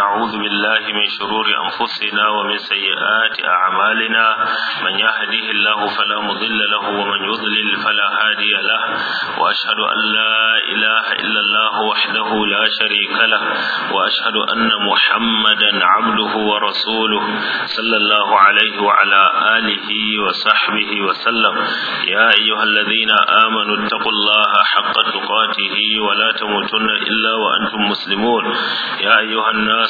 نعوذ بالله من شرور أنفسنا ومن سيئات أعمالنا من يهده الله فلا مضل له ومن يضلل فلا هادي له وأشهد أن لا إله إلا الله وحده لا شريك له وأشهد أن محمدا عبده ورسوله صلى الله عليه وعلى آله وصحبه وسلم يا أيها الذين آمنوا اتقوا الله حق تقاته ولا تموتن إلا وأنتم مسلمون يا أيها الناس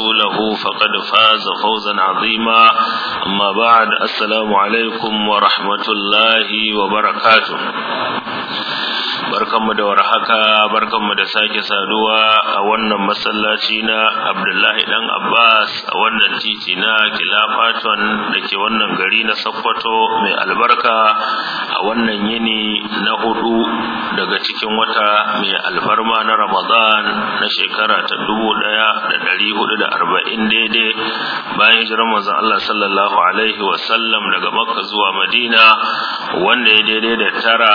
ورسوله فقد فاز فوزا عظيما أما بعد السلام عليكم ورحمة الله وبركاته barkanmu da warhaka barkanmu da sake saduwa a wannan masallaci na Abdullahi dan Abbas a wannan titi na Kilafaton dake wannan gari na Sokoto mai albarka a wannan yini na hudu daga cikin wata mai alfarma na Ramadan na shekara ta 1440 daidai bayan jiran manzon Allah sallallahu alaihi wa sallam daga Makka zuwa Madina wanda ya daidai da tara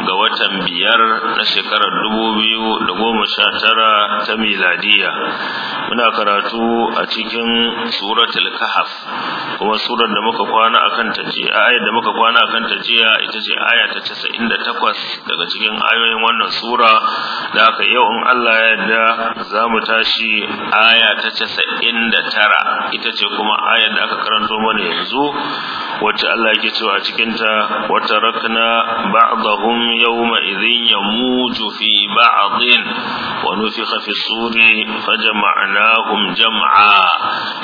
ga watan biyar biyar na shekarar dubu biyu da goma sha tara ta miladiya muna karatu a cikin suratul kahf kuma surar da muka kwana akan ta jiya ayar da muka kwana akan ta jiya ita ce aya ta 98 daga cikin ayoyin wannan sura da aka yau in Allah ya yarda za mu tashi aya ta 99 ita ce kuma ayar da aka karanto mana yanzu wacce Allah yake cewa a cikinta wa tarakna ba'dahum yawma ya mutu fi ba'dhin wa nufikha fi suri fajama'nahum jam'a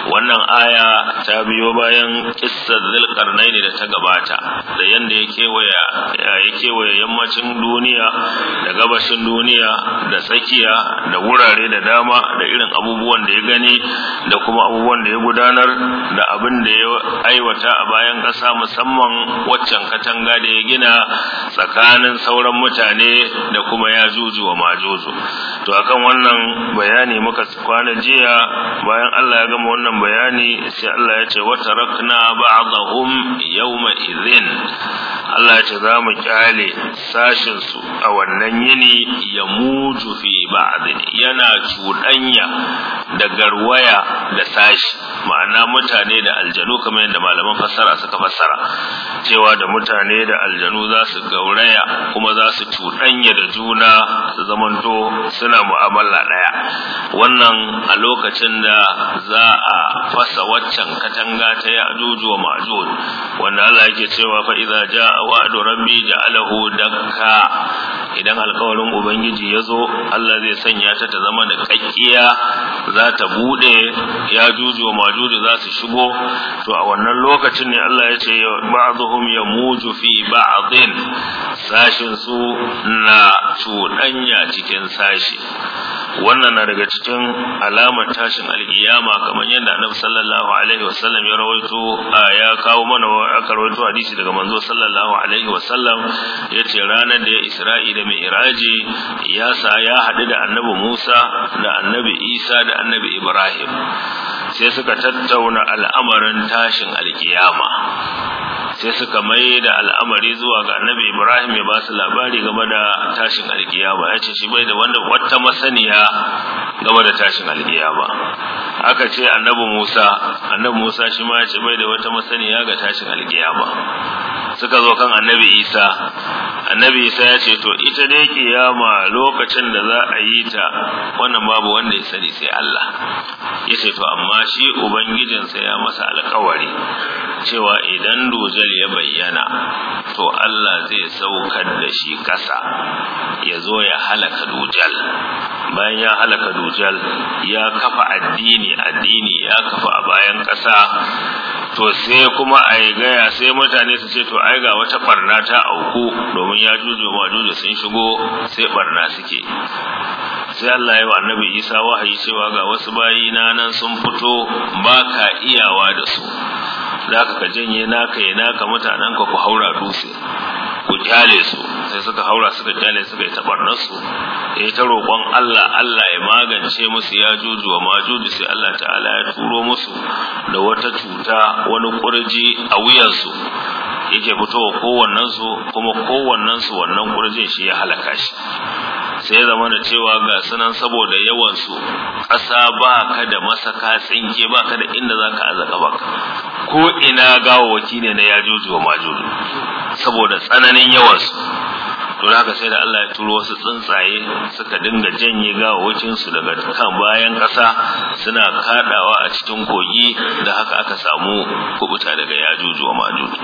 wannan aya ta biyo bayan kissar ne da ta gabata da yanda ya kewaya ya kewaya yammacin duniya da gabashin duniya da tsakiya da wurare da dama da irin abubuwan da ya gani da kuma abubuwan da ya gudanar da abin da ya aiwata a bayan ƙasa musamman waccan katanga da ya gina tsakanin sauran mutane da kuma ya juju wa majuju to akan wannan bayani muka kwana jiya bayan Allah ya gama wannan bayani sai Allah ya ce wata rakna ba'dahum yawma idhin Allah ya ce za mu kyale sashin su a wannan yini ya muju fi ba'dhin yana cuɗanya da garwaya da sashi ma'ana mutane da aljanu kamar yadda malaman fassara su. suka fassara cewa da mutane da aljanu za su gauraya kuma za su cuɗanya da juna su zamanto suna mu'amala ɗaya wannan a lokacin da za a fasa waccan katanga ta ya'juj wa ma'juj wanda Allah yake cewa fa iza ja wa'du rabbi ja'alahu dakka idan alƙawarin ubangiji ya zo Allah zai sanya ta ta zama da kakkiya za ta bude ya juju wa majuju za su shigo to a wannan lokacin ne Allah ya ce ba'dhum yamuju fi ba'dhin sashin su na cuɗanya cikin sashi wannan na daga cikin alamar tashin alkiyama kamar yadda annabi sallallahu alaihi sallam ya rawaito ya kawo mana aka rawaito hadisi daga manzo sallallahu alaihi sallam yace ranar da ya Isra'i da Mi'raji ya sa ya haɗu da annabi Musa da annabi Isa da annabi Ibrahim sai suka tattauna al'amarin tashin alkiyama sai suka mai da al'amari zuwa ga annabi Ibrahim ya ba su labari game da tashin alkiyama ya ce shi bai da wanda wata masaniya game da tashin alkiyama aka ce annabi Musa annabi Musa shi ma ya ce bai da wata masaniya ga tashin ba. suka zo kan annabi isa annabi isa ya ce to ita dai kiyama lokacin da za a yi ta wannan babu wanda ya sani sai Allah ya ce to amma shi ubangijinsa ya masa alkawari cewa idan dujal ya bayyana to Allah zai saukar da shi ƙasa ya zo ya halaka dujal bayan ya halaka dujal ya kafa addini addini ya kafa a bayan ƙasa to sai kuma a yi gaya sai mutane su ce to ai ga wata barna ta auku domin ya juje ma juje sun shigo sai barna suke sai Allah ya wa annabi Isa wahayi cewa ga wasu bayi na nan sun fito ba ka iyawa da su zaka ka janye naka yi naka mutanen ka ku haura dutse ku kyale su sai suka haura suka kyale suka yi tabarnarsu ya yi ta roƙon Allah Allah ya magance musu ya juju wa majuju sai Allah ta'ala ya turo musu da wata cuta wani ƙurji a wuyansu yake fitowa kowannensu kuma kowannensu wannan ƙurjin shi ya halaka shi sai zama da cewa ga sunan saboda yawansu ƙasa ba ka da masaka tsinke ba ka da inda za ka azaka ba, ko ina waki ne na yajuju wa majuju saboda tsananin yawansu to ka sai da Allah ya turo wasu tsuntsaye suka dinga janye gawawacin su daga kan bayan kasa, suna kadawa a cikin kogi da haka aka samu kubuta daga yajuju wa majuju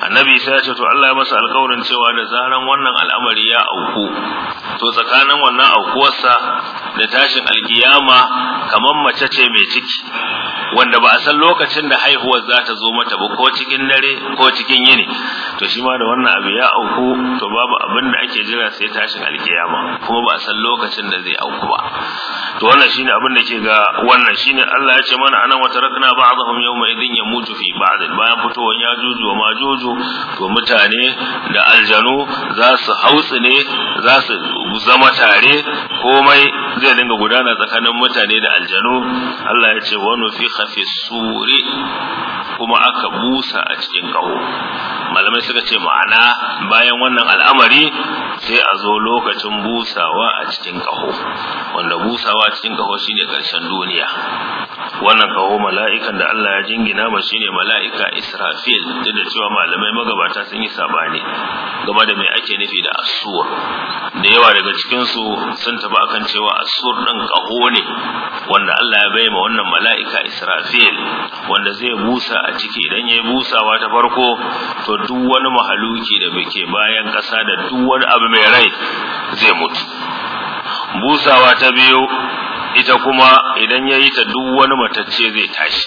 annabi sai ya ce to Allah ya masa alƙawarin cewa da zaran wannan al'amari ya auku to tsakanin wannan aukuwarsa da tashin alkiyama kamar mace ce mai ciki wanda ba a san lokacin da haihuwar za ta zo mata ba ko cikin dare ko cikin yini to shi ma da wannan abu ya auku to babu abin da ake jira sai tashin alkiyama kuma ba a san lokacin da zai auku ba to wannan shine abin da ke ga wannan shine Allah ya ce mana anan wa tarakna ba'dahum yawma idin yamutu fi ba'd bayan fitowar yajuju wa majuju to mutane da aljanu za su hautsu ne za su zama tare komai zai dinga gudana tsakanin mutane da aljanu Allah ya ce wa nufikha fi suri kuma aka busa a cikin kaho malamai suka ce ma'ana bayan wannan al'amari sai a zo lokacin busawa a cikin kaho wanda busawa a cikin kaho shine karshen duniya wannan kaho mala'ikan da Allah ya jingina ma shine mala'ika Israfil duk da cewa malamai magabata sun yi sabani game da mai ake nufi da asuwa da yawa daga cikin su sun taba kan cewa sur ɗin ƙaho ne wanda Allah ya bai ma wannan mala'ika Israfil wanda zai busa a ciki idan ya yi busawa ta farko to duk wani mahaluki da muke bayan ƙasa da duk wani abu mai rai zai mutu busawa ta biyu ita kuma idan ya yi ta duk wani matacce zai tashi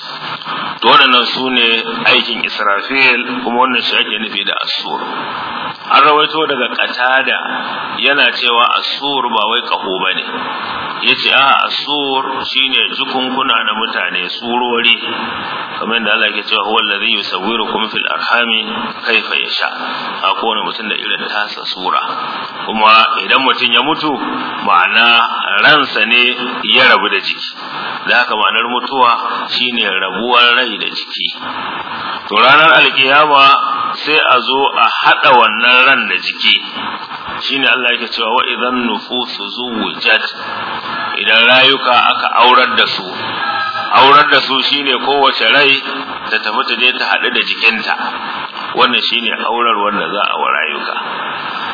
to waɗannan su ne aikin israfil kuma wannan shi ake nufi da asur an rawaito daga qatada yana cewa asur ba wai kaho bane yace a ah, asur shine jukunkuna na mutane surori kamar da Allah yake cewa huwa allazi yusawwirukum fil arhami kaifa yasha a kowane mutum da irin tasa sura kuma idan mutum ya mutu ma'ana ransa ne ya rabu da jiki da haka ma'anar mutuwa shine rabuwar rai da jiki to ranar alkiyama sai a zo a haɗa wannan ran da jiki shine Allah yake cewa wa idan zuwa zuwijat idan rayuka aka aurar da su aurar da su shine kowace rai ta tafi ta je ta haɗu da jikinta wannan shine aurar wanda za a wa rayuka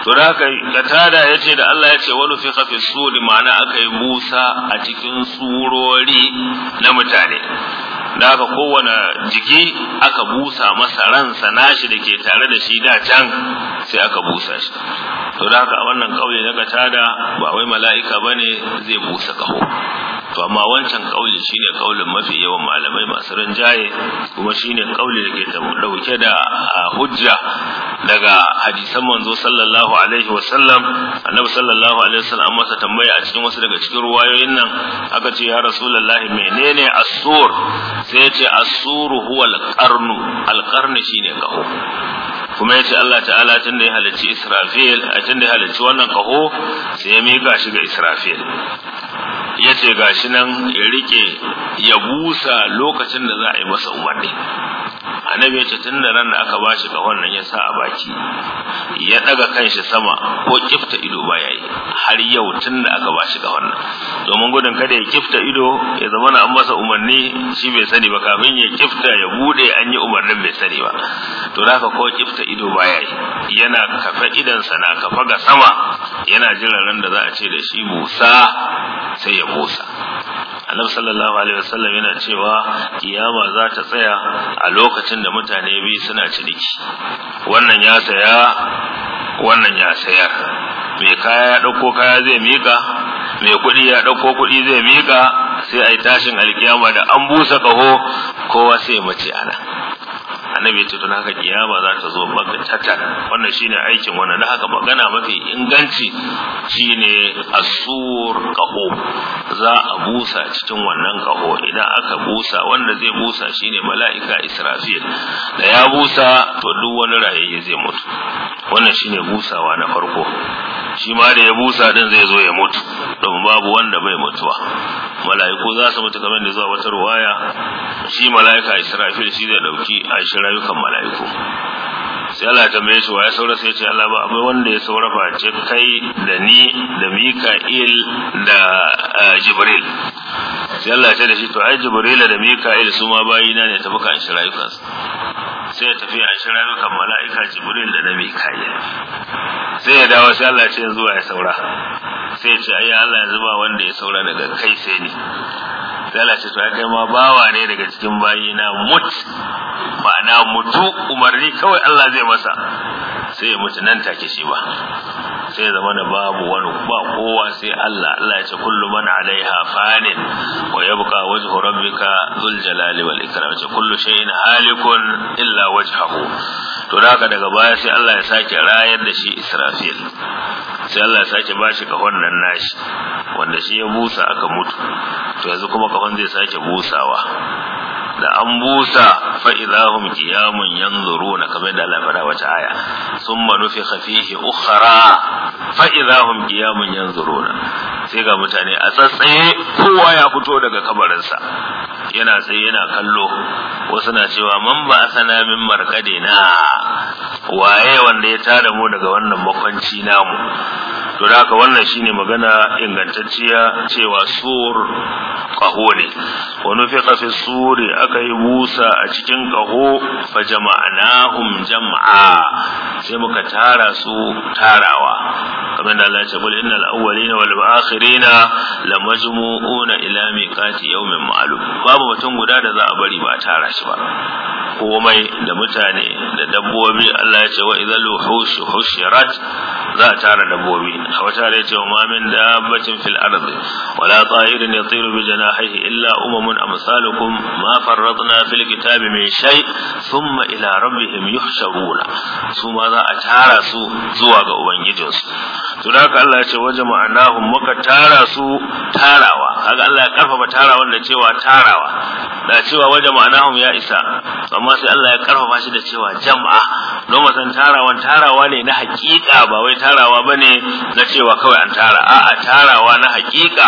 to da tada ya yace da Allah yace wa wani fi suri ma'ana akai busa a cikin surori na mutane da haka kowane jiki aka busa masa ransa nashi da ke tare da shi da can sai aka busa shi to da haka a wannan ƙauye na tada, ba wai mala'ika ba ne zai busa kaho. to amma wancan ƙauye shine ƙaulin mafi yawan malamai masu rinjaye kuma shine ƙauye da ke dauke da hujja daga hadisan manzo sallallahu alaihi wasallam annabi sallallahu alaihi wasallam an masa tambaya a cikin wasu daga cikin ruwayoyin nan aka ce ya rasulullahi menene as-sur sai ya ce as-sur huwa al-qarnu shine kaho kuma ya ce Allah ta'ala tun da ya halicci Israfil a tun da ya halicci wannan kaho sai ya mika shi ga Israfil ya ce gashi nan ya rike ya busa lokacin da za a yi masa umarni annabi ya ce tun da ran da aka bashi ga wannan ya sa a baki ya daga kanshi sama ko kifta ido ba yayi har yau tun da aka bashi ga wannan, domin gudun kada ya kifta ido ya zama na an masa umarni shi bai sani ba kafin ya kifta ya bude an yi umarnin bai sani ba to da ko kifta ido ba yayi yana kafa sa na kafa ga sama yana jiran ran da za a ce da shi Musa sai ya musa. annabi sallallahu alaihi wasallam yana cewa kiyama za ta tsaya a lokacin da mutane biyu suna ciniki wannan ya saya wannan ya sayar mai kaya ya dauko kaya zai miƙa mai kuɗi ya dauko kuɗi zai miƙa sai a tashin alkiyama da an busa ƙaho kowa sai mace ana annabi ce don haka kiyama za ta zo baka tata wannan shine aikin wannan da haka magana mafi inganci shine asur kaho za a busa cikin wannan kaho idan aka busa wanda zai busa shine mala'ika israfil da ya busa to duk wani rayayye zai mutu wannan shine busawa na farko shi ma da ya busa din zai zo ya mutu don babu wanda bai mutuwa mala'iku za su mutu kamar da zuwa wata ruwaya shi mala'ika Israfil shi zai dauki a shi rayukan mala'iku sai Allah ya tambaye shi wa ya saura sai ya ce Allah ba akwai wanda ya saura fa ce kai da ni da Mika'il da Jibril sai Allah ya ce da shi to ai Jibril da Mika'il su ma bayina ne tafi kan shi rayukansu sai ya tafi a shi rayukan mala'ika Jibril da na Mika'il sai ya dawo sai Allah ya ce yanzu ya saura sai ya ce ai Allah yanzu ba wanda ya saura daga kai sai ni sai Allah to kai ma bawa ne daga cikin bayina mut ma'ana mutu umarni kawai Allah zai masa sai mutu nan take shi ba sai zama na babu wani ba kowa sai Allah Allah ya ce kullu man alaiha fanin wa yabqa wajhu rabbika dhul jalali wal ikram ce kullu shay'in halikun illa wajhahu to da haka daga baya sai Allah ya sake rayar da shi Israfil sai Allah ya sake bashi shi kahon nan nashi wanda shi ya busa aka mutu to yanzu kuma kafan zai sake busawa da an busa fa idahum qiyamun yanzuruna kamar da Allah faɗa wata aya summa nufikha fihi ukhra fa idahum qiyamun yanzuruna sai ga mutane a tsatsaye kowa ya fito daga kabarinsa yana sai yana kallo wasu na cewa man ba sana min na? waye wanda ya tada mu daga wannan makwanci namu to da haka wannan shine magana ingantacciya cewa sur qaho ne wa nufiqa fi suri muka yi busa a cikin kaho fa jama'anahum jam'a sai muka tara su tarawa kamar da Allah ya ce bul innal awwalina wal akhirina lamajmu'una ila miqati yawmin ma'lum babu mutum guda da za a bari ba a tara shi ba komai da mutane da dabbobi Allah ya ce wa idhal wuhush hushirat za a tara dabbobi a wata da ya ce ma min dabbatin fil ardi wala ta'irin yatiru bi janahihi illa umamun amsalukum ma far فرطنا في الكتاب من شيء ثم إلى ربهم يحشرون ثم ذا أتارا سو Allah أبنجدس تلاك الله وجمعناهم وكتارا tara su tarawa, الله Allah ya karfafa تاراوا da cewa tarawa, da cewa waje ma'anahum ya isa amma sai Allah ya karfafa shi da cewa jama'a don san tarawan tarawa ne na hakika ba wai tarawa bane na cewa kawai an tara a'a tarawa na hakika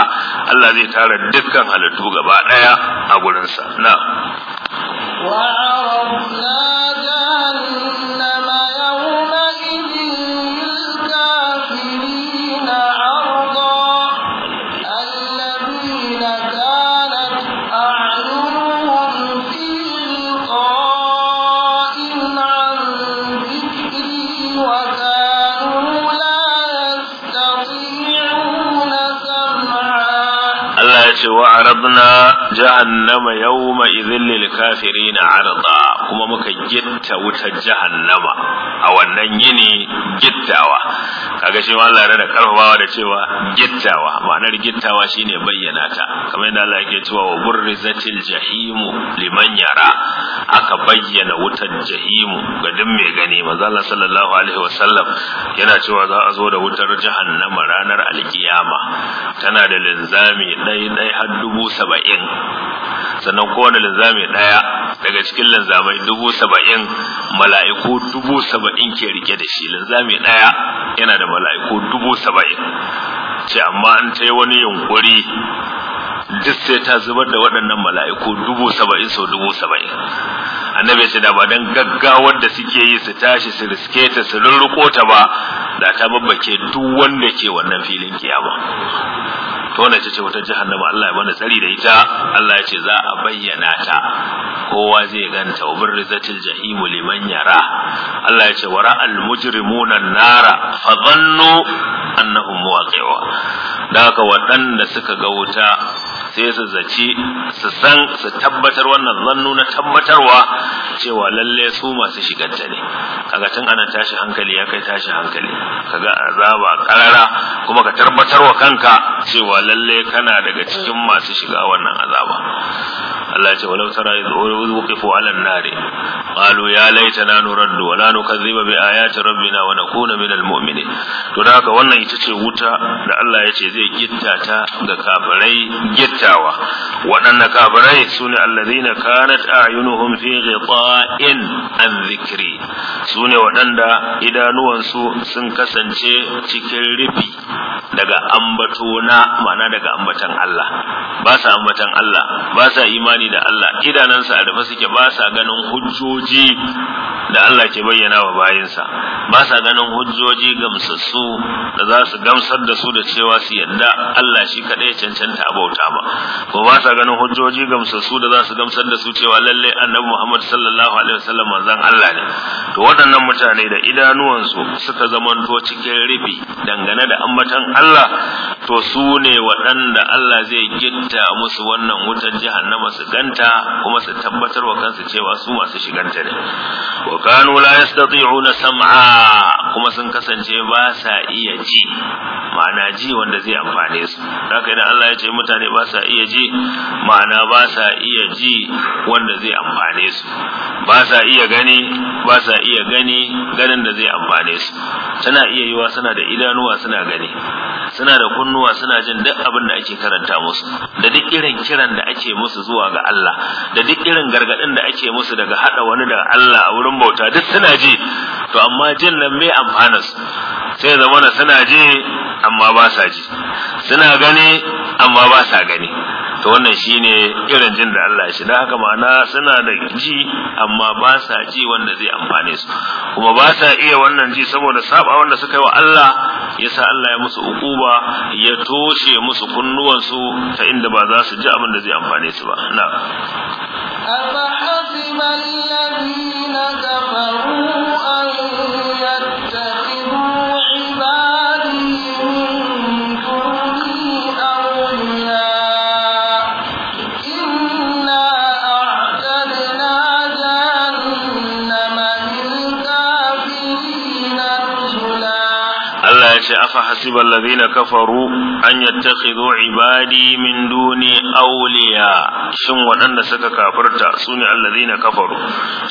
Allah zai tara dukkan halittu gaba daya a gurinsa na'am وعرضنا جهنم وعربنا جهنم يومئذ للكافرين عرضا kuma muka gitta wutar jahannama a wannan yini gittawa kaga shi ma Allah da karfafawa da cewa gittawa ma'anar gittawa shine bayyana ta kamar yadda Allah yake cewa wa burrizatil jahimu liman yara aka bayyana wutar jahimu ga duk mai gani manzo Allah sallallahu alaihi wasallam yana cewa za a zo da wutar jahannama ranar alkiyama tana da linzami dai dai har dubu saba'in sannan kowane linzami ɗaya daga cikin linzamai dubu saba'in mala'iku dubu saba'in ke rike da shi linzami ɗaya yana da mala'iku dubu saba'in ce amma an ta yi wani yunkuri duk sai ta zubar da waɗannan mala'iku dubu saba'in sau dubu saba'in annabi ce da ba don gaggawar da suke yi su tashi su riske ta su rurruko ta ba da ta babbake duk wanda ke wannan filin kiyama to wannan ce wata jahannama Allah ya bani tsari da ita Allah ya ce za a bayyana ta kowa zai ganta wa birzatil jahimu liman yara Allah ya ce wa ra'al mujrimuna nara fa dhannu annahum muwaqi'u da haka waɗanda suka ga wuta sai su zaci su san su tabbatar wannan zannu na tabbatarwa cewa lalle su masu shiganta ne kaga tun ana tashi hankali ya kai tashi hankali kaga azaba karara kuma ka tabbatar wa kanka cewa lalle kana daga cikin masu shiga wannan azaba Allah ce walau tara idh wuqifu 'ala an-nar qalu ya laitana nuraddu wa la nukazziba bi ayati rabbina wa nakuna minal mu'minin to haka wannan ita ce wuta da Allah ya ce zai gitta ta ga kafirai gitta karyatawa waɗannan kabarai su ne allazina kanat a'yunuhum fi ghita'in an zikri su ne waɗanda idanuwansu sun kasance cikin rufi daga ambato na ma'ana daga ambatan Allah ba sa ambatan Allah ba sa imani da Allah idanansa a rufe suke ba sa ganin hujjoji da Allah ke bayyana wa bayinsa ba sa ganin hujjoji gamsassu da za su gamsar da su da cewa su yadda Allah shi kaɗai cancanta abauta ba ko ba sa ganin hujjoji gamsassu da za su gamsar da su cewa lalle annabi Muhammad sallallahu alaihi wasallam manzon Allah ne to waɗannan mutane da idanuwansu suka zamanto cikin rufi dangane da amatan Allah to su ne waɗanda Allah zai gitta musu wannan wutar jahannama su ganta kuma su tabbatar wa kansu cewa su masu shiganta ne wa kanu la yastati'una sam'a kuma sun kasance ba sa iya ji ma'ana ji wanda zai amfane su haka idan Allah ya ce mutane ba sa iya ji ma'ana ba sa iya ji wanda zai amfane su ba sa iya gani ba sa iya gani ganin da zai amfane su suna iya yiwa suna da idanuwa suna gani suna da kunnuwa suna jin duk abin da ake karanta musu da duk irin kiran da ake musu zuwa ga Allah da duk irin gargadin da ake musu daga hada wani da Allah a wurin bauta duk suna ji to amma jin nan mai amfana su sai zamana suna ji amma ba sa ji suna gani amma ba sa gani to wannan shine irin jin da Allah shi dan haka ma'ana suna da ji amma ba sa ji wanda zai amfane su kuma ba sa iya wannan ji saboda saba wanda suka yi wa Allah yasa Allah ya musu ukuba ya toshe musu kunnuwansu ta inda ba za su ji abin da zai amfane su ba na ya ce afa hasiba allazina kafaru an yattakhidhu ibadi min duni awliya shin waɗanda suka kafirta ne allazina kafaru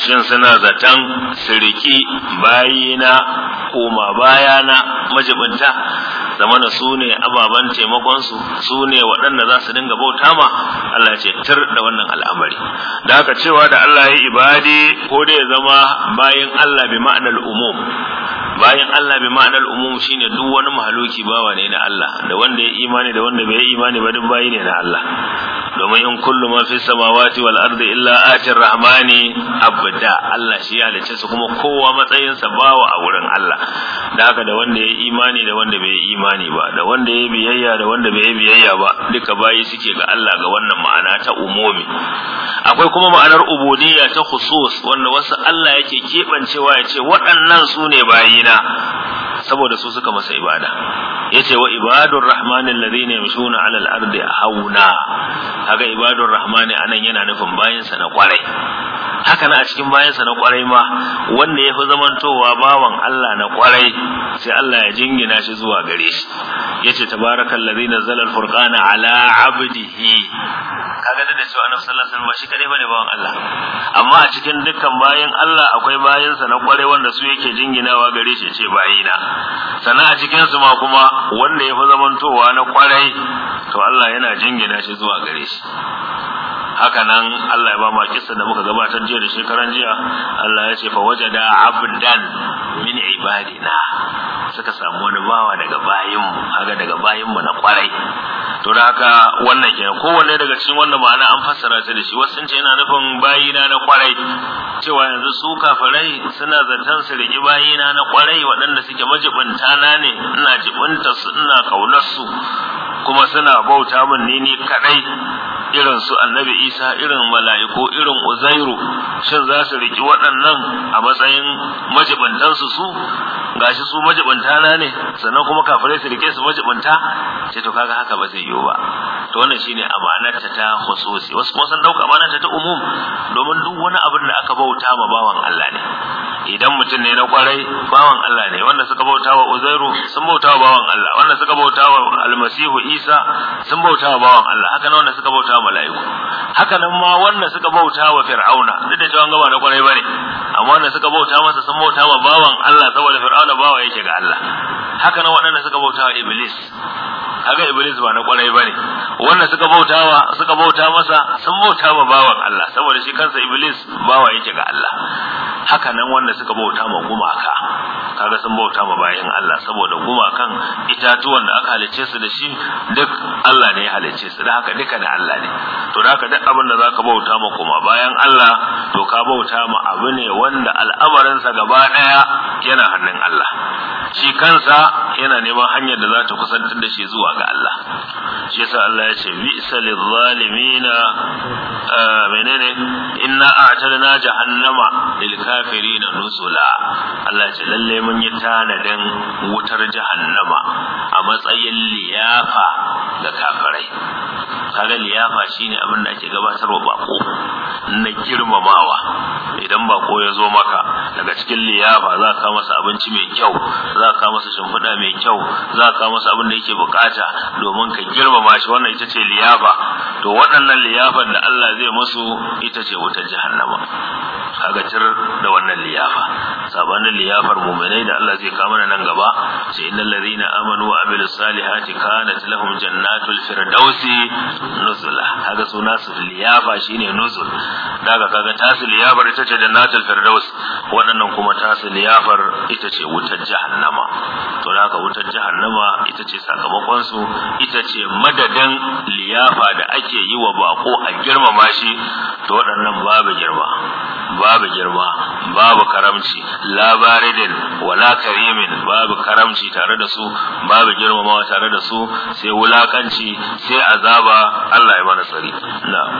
shin suna zatan siriki bayina koma bayana majibinta zamana ne ababan taimakon su ne waɗanda za su dinga bauta ma Allah ya ce tar da wannan al'amari da aka cewa da Allah ya ibadi ko da ya zama bayin Allah bi ma'anar umum bayan Allah bi ma'anar umum shine duk wani mahaluki bawa ne na Allah da wanda ya imani da wanda bai imani ba duk bayi ne na Allah domin in kullu ma fi samawati wal ardi illa atir rahmani abda Allah shi ya halice su kuma kowa matsayin sa bawa a wurin Allah da haka da wanda ya imani da wanda bai imani ba da wanda ya biyayya da wanda bai biyayya ba duka bayi suke ga Allah ga wannan ma'ana ta umumi akwai kuma ma'anar ubudiyya ta khusus wanda wasu Allah yake kebancewa ya ce waɗannan su ne bayina saboda su suka masa ibada yace wa ibadur rahmanin ladina yamshuna alal ardi hauna kaga ibadur rahmani anan yana nufin sa na kwarai haka na a cikin sa na kwarai ma wanda ya fi zamantowa bawan Allah na kwarai sai Allah ya jingina shi zuwa gare shi yace tabarakal ladzi nazzala al ala abdihi kaga da cewa annabi sallallahu alaihi wasallam shi kare bane bawan Allah amma a cikin dukkan bayan Allah akwai sa na kwarai wanda su yake jinginawa gare shi ce bayina sannan a cikin su ma kuma wanda ya fi zamantowa na kwarai to Allah yana jingina shi zuwa gare shi haka nan Allah ya ba mu kissa da muka gabatar jiya da shekaran jiya Allah ya ce fa wajada abdan min ibadina suka samu wani bawa daga bayin mu haka daga bayin mu na kwarai to da haka wannan kenan kowanne daga cikin wannan ma'ana an fassara ta da shi wasu sun ce yana nufin bayina na kwarai cewa yanzu su kafirai suna zaton su riki bayina na kwarai waɗanda suke majibinta na ne ina jibinta su ina kaunar su kuma suna bauta min ni ni kadai irin su annabi isa irin mala'iku irin uzairu shin za su riki waɗannan a matsayin majibantansu su gashi su majibanta na ne sannan kuma kafirai su rike su majibanta sai to kaga haka ba zai yiwu ba to wannan shine amanarta ta khususi wasu kuma san dauka amanarta ta umum domin duk wani abin da aka bauta ma bawan Allah ne idan mutum ne na kwarai bawan Allah ne wanda suka bauta wa Uzairu sun bauta wa bawan Allah wanda suka bauta wa Almasihu Isa sun bauta wa bawan Allah haka nan wanda suka bauta wa mala'iku haka nan ma wanda suka bauta wa Fir'auna duk da cewa gaba na kwarai bane amma wanda suka bauta masa sun bauta wa bawan Allah saboda Fir'auna auna bawa yake ga Allah haka nan waɗanda suka bauta wa iblis kaga iblis ba na kwarai bane wannan suka bautawa suka bauta masa sun bauta ma bawan Allah saboda shi kansa iblis bawa yake ga Allah haka nan wanda suka bauta ma gumaka kaga sun bauta ma bayin Allah saboda gumakan itatuwan da aka halice su da shi duk Allah ne ya halice su da haka duka ne Allah ne to da haka duk abin da zaka bauta ma kuma bayan Allah to ka bauta ma abu ne wanda al'amarinsa gaba daya yana hannun Allah shi kansa yana neman hanyar da za ta kusantar da shi zuwa ga Allah shi yasa Allah ya ce bi'sa lizzalimina ah, menene inna a'tadna jahannama lil kafirina nusula. Allah ya ce lalle mun yi tanadin wutar jahannama a matsayin liyafa ga kafirai kaga liyafa shine abin da ake gabatarwa bako na girmamawa idan bako ya zo maka daga cikin liyafa za ka masa abinci mai kyau za ka masa shimfiɗa mai kyau za ka masa abin da yake bukata domin ka girmama shi wannan ita ce liyafa to waɗannan liyafan da Allah zai musu ita ce wutar jahannama kaga da wannan liyafa sabanin liyafar mu'minai da Allah zai kama nan gaba sai innal ladina amanu wa amilu salihati kanat lahum jannatul firdausi nuzula kaga suna su liyafa shine nuzul daga kaga tasu liyafar ita ce jannatul firdaus waɗannan kuma tasu liyafar ita ce wutar jahannama to daga wutar jahannama ita ce sakamakon su ita ce madadin liyafa da ake yi wa bako a girmama shi to waɗannan babu girma babu girma babu karamci labaridin wala karimin babu karamci tare da su babu ma tare da su sai wulakanci sai azaba Allah ya mana tsari na'am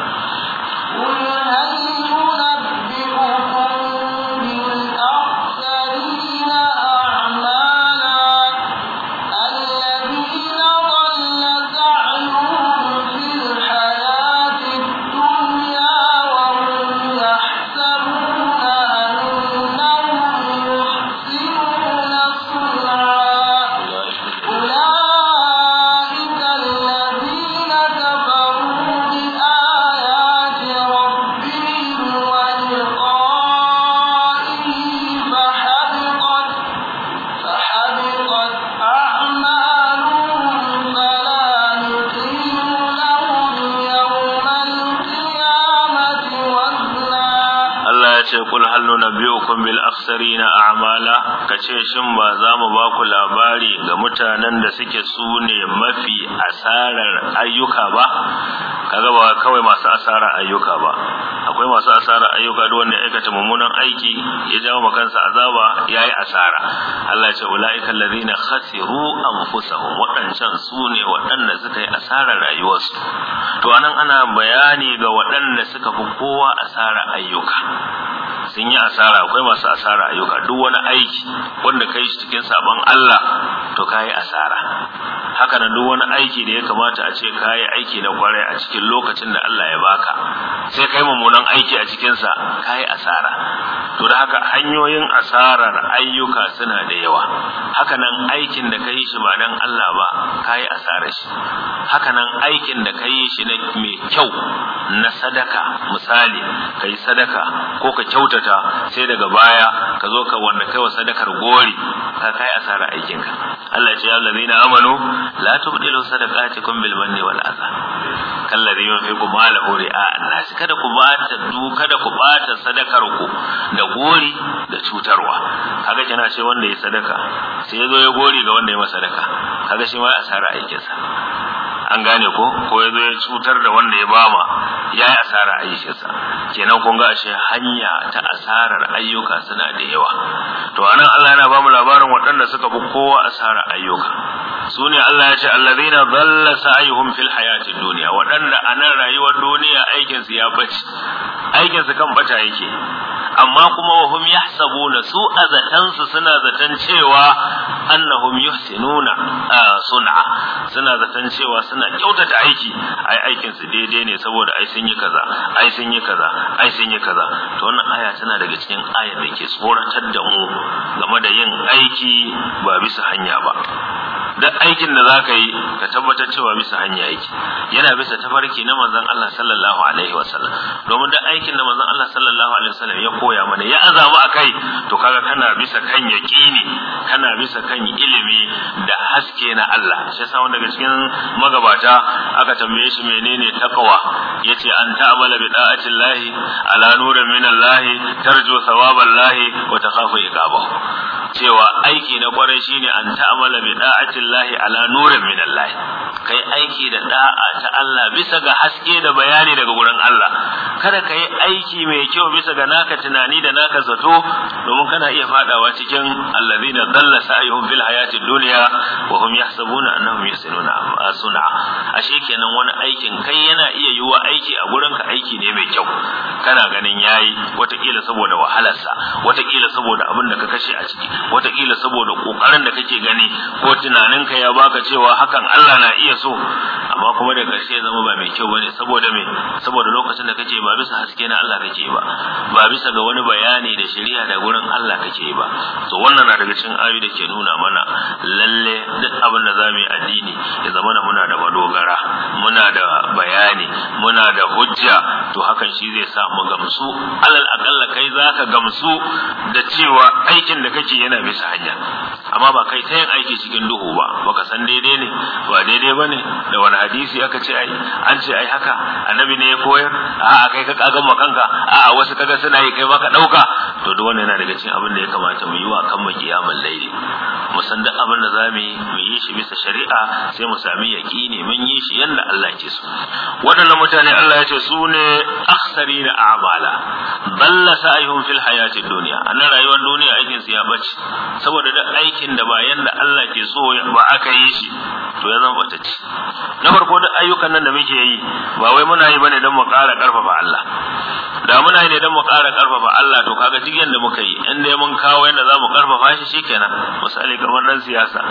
kun bil aksarina a'mala kace shin ba za mu ba ku labari ga mutanen da suke sune mafi asarar ayyuka ba kaga ba kawai masu asarar ayyuka ba akwai masu asarar ayyuka duk wanda aikata mummunan aiki ya jawo makansa azaba yayi asara Allah ya ce ulaiikal ladina khasiru anfusahum wadancan su ne wadanda suka yi asarar rayuwarsu to anan ana bayani ga waɗanda suka fi kowa asarar ayyuka sun yi asara akwai masu asara ayyuka duk wani aiki wanda kai shi cikin sabon Allah to kayi asara haka nan duk wani aiki da ya kamata a ce kayi aiki na kwarai a cikin lokacin da Allah ya baka sai kai mummunan aiki a cikinsa sa kayi asara to da haka hanyoyin asarar ayyuka suna da yawa haka nan aikin da ka yi shi ba dan Allah ba ka yi asarar shi haka nan aikin da ka yi shi mai kyau na sadaka misali ka yi sadaka ko ka kyautata sai daga baya ka zo ka wanda kai wa sadakar gori ka kai asarar aikinka Allah ya ce ya allazina amanu la tubdilu sadaqatikum bil manni wal adha kallazi yunfiqu da hori a nasi kada ku bata du kada ku bata sadakar ku da gori da cutarwa kaga kina ce wanda ya sadaka sai ya ya gori ga wanda ya masa sadaka kaga shi ma asara sa an gane ko ko ya ya cutar da wanda ya bama ya yi asara sa kenan kun ga shi hanya ta asarar ayyuka suna da yawa to anan Allah yana bamu labarin waɗanda suka fi kowa asara ayyuka su ne Allah ya ce allazina dhalla sa'ihum fil hayatid dunya waɗanda anan rayuwar duniya aikin su ya bace aikin su kan bata yake amma kuma wa yahsabuna su azatan su suna zatan cewa annahum yuhsinuna sun'a suna zatan cewa suna kyautata aiki ai aikin su daidai ne saboda ai sun yi kaza ai sun yi kaza ai sun yi kaza to wannan aya tana daga cikin ayar da ke tsoratar da mu game da yin aiki ba bisa hanya ba duk aikin da zaka yi ka tabbatar cewa bisa hanya yake yana bisa tafarki na manzon Allah sallallahu alaihi wasallam domin duk aikin da manzon Allah sallallahu alaihi wasallam ya koya mana ya azama akai to kaga kana bisa kan yaqini kana bisa kan ilimi da haske na Allah shi yasa wanda daga cikin magabata aka tambaye shi menene takawa yace an ta'amala bi da'atillahi ala nurin minallahi tarju thawaballahi wa takhafu iqabahu cewa aiki na kwarai shine an ta'amala bi da'atil billahi ala nurin min Allah kai aiki da da'a ta Allah bisa ga haske da bayani daga gurin Allah kada kai aiki mai kyau bisa ga naka tunani da naka zato domin kana iya fadawa cikin allazina dalla sa'ihum fil hayati dunya wa hum yahsabuna annahum yahsinuna sun'a ashe kenan wani aikin kai yana iya yiwa aiki a gurin ka aiki ne mai kyau kana ganin yayi wataƙila saboda wahalarsa wataƙila saboda abin da ka kashe a ciki watakila saboda ƙoƙarin da kake gani ko tunani tunaninka ya baka cewa hakan Allah na iya so amma kuma da karshe ya zama ba mai kyau bane saboda me saboda lokacin da kake ba bisa haske na Allah kake ba ba bisa ga wani bayani da shari'a da gurin Allah kake ba to wannan na daga cikin ayoyi da ke nuna mana lalle duk abin da zamu yi addini ya zama muna da madogara muna da bayani muna da hujja to hakan shi zai sa mu gamsu alal akalla kai zaka gamsu da cewa aikin da kake yana bisa hanya amma ba kai ta yin aiki cikin duhu ba baka san daidai ne ba daidai bane da wani hadisi aka ce ai an ce ai haka annabi ne ya koyar a'a kai ka kagan ma kanka a'a wasu kaga suna yi kai baka ɗauka, dauka to duk wannan yana daga cikin abin da ya kamata mu yi wa kan mu kiyamul laili mu san duk abin da za mu yi mu yi shi bisa shari'a sai mu sami yaƙini mun yi shi yanda Allah ke so waɗannan mutane Allah ya ce su ne aksari na amala balla sa'ihum fil hayatid dunya annan rayuwar duniya aikin su ya bace saboda duk aikin da ba yanda Allah ke so ba aka yi shi to ya zama ci. na farko duk ayyukan nan da muke yi ba wai muna yi bane don mu ƙara ƙarfafa Allah da muna yi ne don mu ƙara ƙarfafa Allah to kaga cikin da muka yi in dai mun kawo yanda za mu ƙarfafa shi shikenan misali ruwan dan siyasa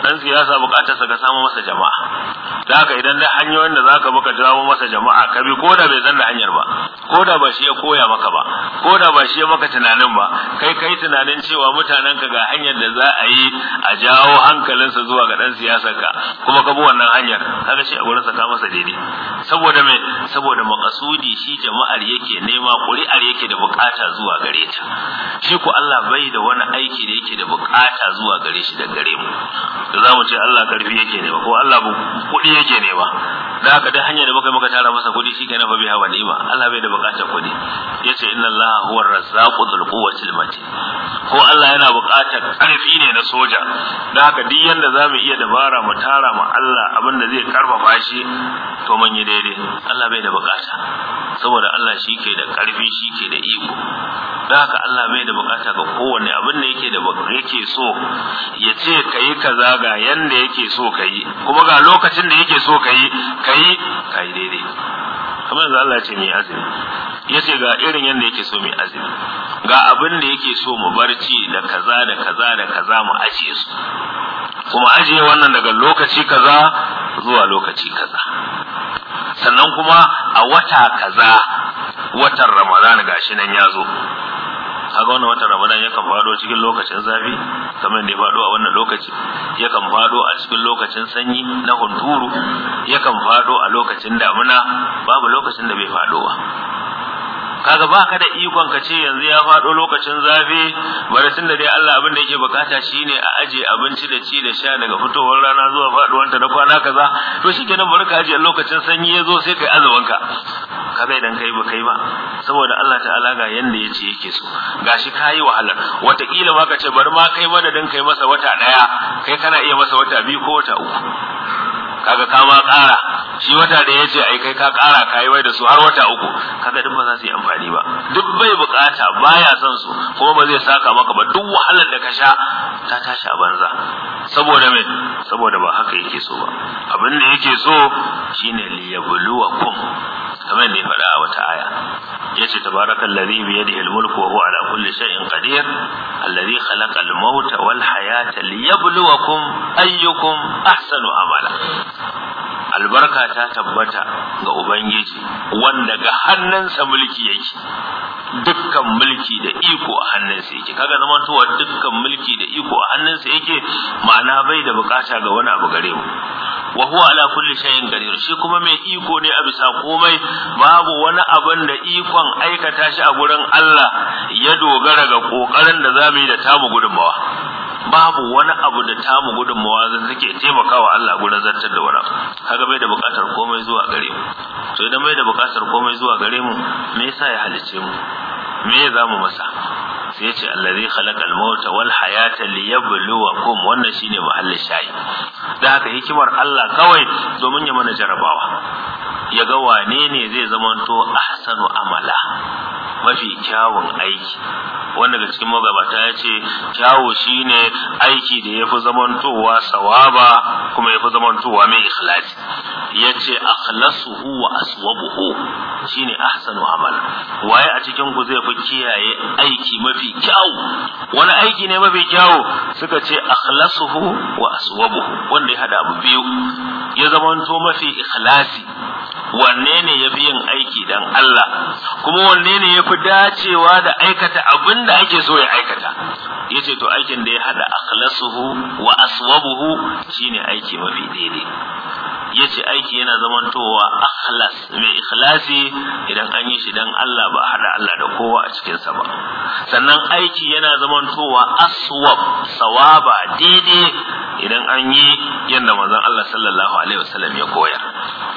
dan siyasa bukatarsa ka samu masa jama'a da haka idan da hanyoyin da zaka buka jawo masa jama'a ka bi koda bai san hanyar ba koda ba shi ya koya maka ba koda ba shi ya maka tunanin ba kai kai tunanin cewa mutanen ka ga hanyar da za a yi a jawo hankalinsa zuwa ga dan siyasar ka kuma ka bi wannan hanyar kaga shi a gurin sa ka masa daidai saboda me saboda makasudi shi jama'ar yake nema ƙuri'ar yake da bukata zuwa gare ta shi ko Allah bai da wani aiki da yake da bukata zuwa gare shi da gare mu to za mu ce Allah karfi yake ne ba ko Allah kudi yake ne ba da haka da hanyar da muka muka tara masa kuɗi shi kenan fa biha walima Allah bai da buƙatar kuɗi yace inna Allah huwa ar-razzaqu dhul quwwati matin ko Allah yana bukatar karfi ne na soja da haka duk yanda mu iya dabara mu tara mu Allah abin da zai karfafa shi to mun yi daidai Allah bai da buƙata saboda Allah shi ke da karfi shi ke da iko da haka Allah bai da bukata ga kowanne abin da yake da yake so ya ce ka yi kaza ga yanda yake so ka yi? kuma ga lokacin da yake so ka yi, ka yi daidai kamar da Allah ce mai azumi ce ga irin yanda yake so mai azumi ga abin da yake so mu barci da kaza da kaza da kaza mu ajiye su kuma ajiye wannan daga lokaci kaza zuwa lokaci kaza sannan kuma a wata kaza watan Ramadan gashi nan ya zo kaga wannan watan ramadan yakan fado cikin lokacin zafi kamar da ya fado a wannan lokaci yakan fado a cikin lokacin sanyi na hunturu yakan faɗo a lokacin damuna babu lokacin da bai fado ba kaga ba ka da ikon ka ce yanzu ya faɗo lokacin zafi bari tun da dai Allah abin da yake bukata shine a aje abinci da ci da sha daga fitowar rana zuwa faɗuwanta na kwana kaza to shikenan bari ka aje lokacin sanyi ya zo sai kai Ka bai idan kai ba kai ba saboda Allah ta'ala ga yanda yace yake so gashi kayi wahalar wataƙila ma ka ce bari ma kai madadin kai masa wata ɗaya kai kana iya masa wata biyu ko wata uku kaga ka ma ƙara shi wata da ya ce ai kai ka ƙara ka yi wai da su har wata uku kaga duk ba za su yi amfani ba duk bai bukata baya son su kuma ba zai saka maka ba duk wahalar da ka sha ta tashi a banza saboda me saboda ba haka yake so ba abin da yake so shine liyabluwakum kamar da faɗa a wata aya yace tabarakallazi da yadihi almulku wa huwa ala kulli shay'in qadir allazi khalaqa almauta wal hayata liyabluwakum ayyukum ahsanu amala albarka ta tabbata ga ubangiji wanda ga hannunsa mulki yake dukkan mulki da iko a hannunsa yake kaga zaman towa dukkan mulki da iko a hannunsa yake ma'ana bai da bukata ga wani abu gare mu wa huwa ala kulli shay'in qadir shi kuma mai iko ne a bisa komai babu wani abin da ikon aikata shi a gurin Allah ya dogara ga kokarin da zamu yi da tamu gudunmawa babu wani abu da tamu gudunmawa zan take taimakawa Allah gurin zartar da wani kaga bai da bukatar komai zuwa gare mu to idan bai da bukatar komai zuwa gare mu me yasa ya halice mu me za mu masa sai ya ce allazi khalaqal mauta wal hayata liyabluwakum wannan shine mahallin shayi da haka hikimar Allah kawai domin ya mana jarabawa ya ga wane ne zai zamanto ahsanu amala mafi kyawun aiki wanda ga cikin magabata ya ce kyawu shine aiki da ya fi zamantowa sawaba kuma ya fi zamantowa mai ikhlasi ya ce akhlasuhu wa aswabuhu shine ahsanu amal waye a cikin ku zai fi kiyaye aiki mafi kyawu wani aiki ne mafi kyawu suka ce akhlasuhu wa aswabuhu wanda ya hada abu biyu ya zamanto mafi ikhlasi wanne ne ya fi yin aiki dan Allah kuma wanne ne ya Ku dacewa da aikata abin da ake so ya aikata yace to aikin da ya hada akhlasuhu wa aswabuhu shine aiki mafi daidai yace aiki yana zamantowa akhlas mai ikhlasi idan an yi shi dan Allah ba hada Allah da kowa a cikin sa ba sannan aiki yana zamantowa aswab sawaba daidai idan an yi yanda manzon Allah sallallahu alaihi wasallam ya koyar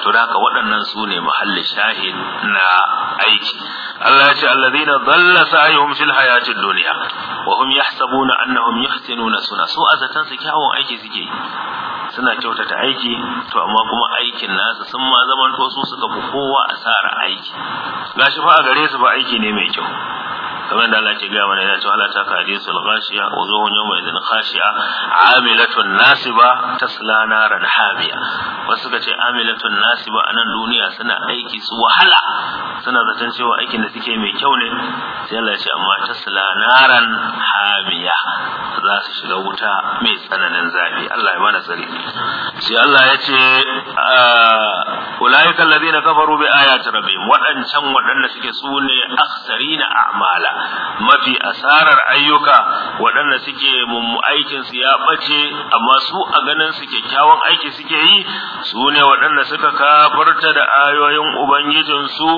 to haka waɗannan su ne muhallin shahid na aiki Allah ya ce alladina dalla sa'yuhum fil hayatid dunya wa hum yahsabuna annahum yuhsinuna suna su azatan su kyawun aiki suke suna kyautata aiki to amma kuma aikin nasu sun ma zaman to su suka fi kowa asara aiki gashi fa a gare su ba aiki ne mai kyau kamar da Allah ke gaya mana yana cewa Allah ta ka hadisul ghashiya wa zuhun yawma idin khashiya amilatun nasiba tasla naran hamiya wasu ka ce amilatun nasiba a nan duniya suna aiki su wahala suna zaton cewa aikin da suke mai kyau ne sai Allah ya ce amma tasla naran hamiya za su shiga wuta mai tsananin zafi Allah ya mana tsari sai Allah ya ce ah, ulaika alladhina kafaru bi ayati rabbihim wadancan wadanda suke sune aksarina a'mala mafi asarar ayyuka waɗanda suke aikin su ya ɓace, amma su a ganin su kyakkyawan aiki suke yi su ne waɗanda suka kafarta da ayoyin ubangijin su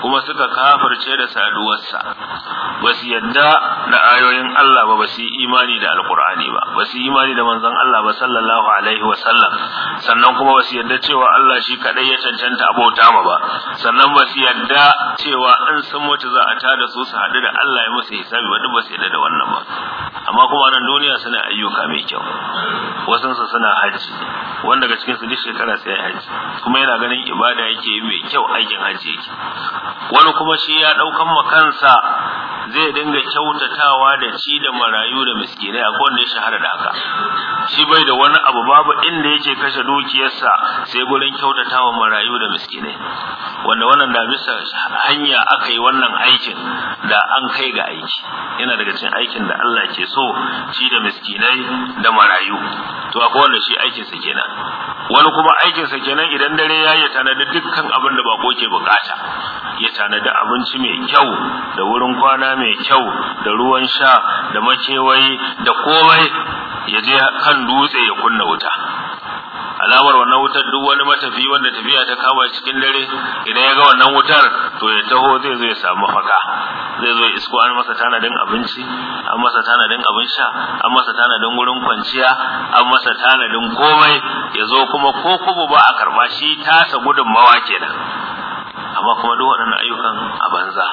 kuma suka kafarce da saduwarsa ba su yadda da ayoyin Allah ba ba su yi imani da alkur'ani ba ba su yi imani da manzon Allah ba sallallahu alaihi wa sallam sannan kuma ba su yadda cewa Allah shi kadai ya cancanta abota ma ba sannan ba su yadda cewa in sun mutu za a tada su su haɗu da da Allah ya musu hisabi ba duk ba su da wannan ba amma kuma nan duniya suna ayyuka mai kyau wasan su suna haji wanda daga cikin su duk shekara sai ya haji kuma yana ganin ibada yake yi mai kyau aikin haji yake wani kuma shi ya daukan makansa zai dinga kyautatawa da ci da marayu da miskinai a wanda shahara da haka shi bai da wani abu babu inda yake kashe dukiyarsa sai gurin kyautatawa marayu da miskinai wanda wannan da bisa hanya aka yi wannan aikin da an kai ga aiki yana daga cikin aikin da Allah ke so ci da miskinai da marayu to akwai wanda shi aikinsa kenan wani kuma aikinsa kenan idan dare ya yi tanadi dukkan abin da bako ke bukata ya tanadi abinci mai kyau da wurin kwana mai kyau da ruwan sha da makewayi da komai ya je kan dutse ya kunna wuta alamar wannan wutar duk wani matafi wanda tafiya ta kama cikin dare idan ya ga wannan wutar to ya taho zai zo ya samu mafaka zai zo isko an masa tanadin abinci an masa tanadin abin sha an masa tanadin wurin kwanciya an masa tanadin komai ya zo kuma ko kubu ba a karba shi tasa gudunmawa kenan amma kuma duk waɗannan ayyukan a banza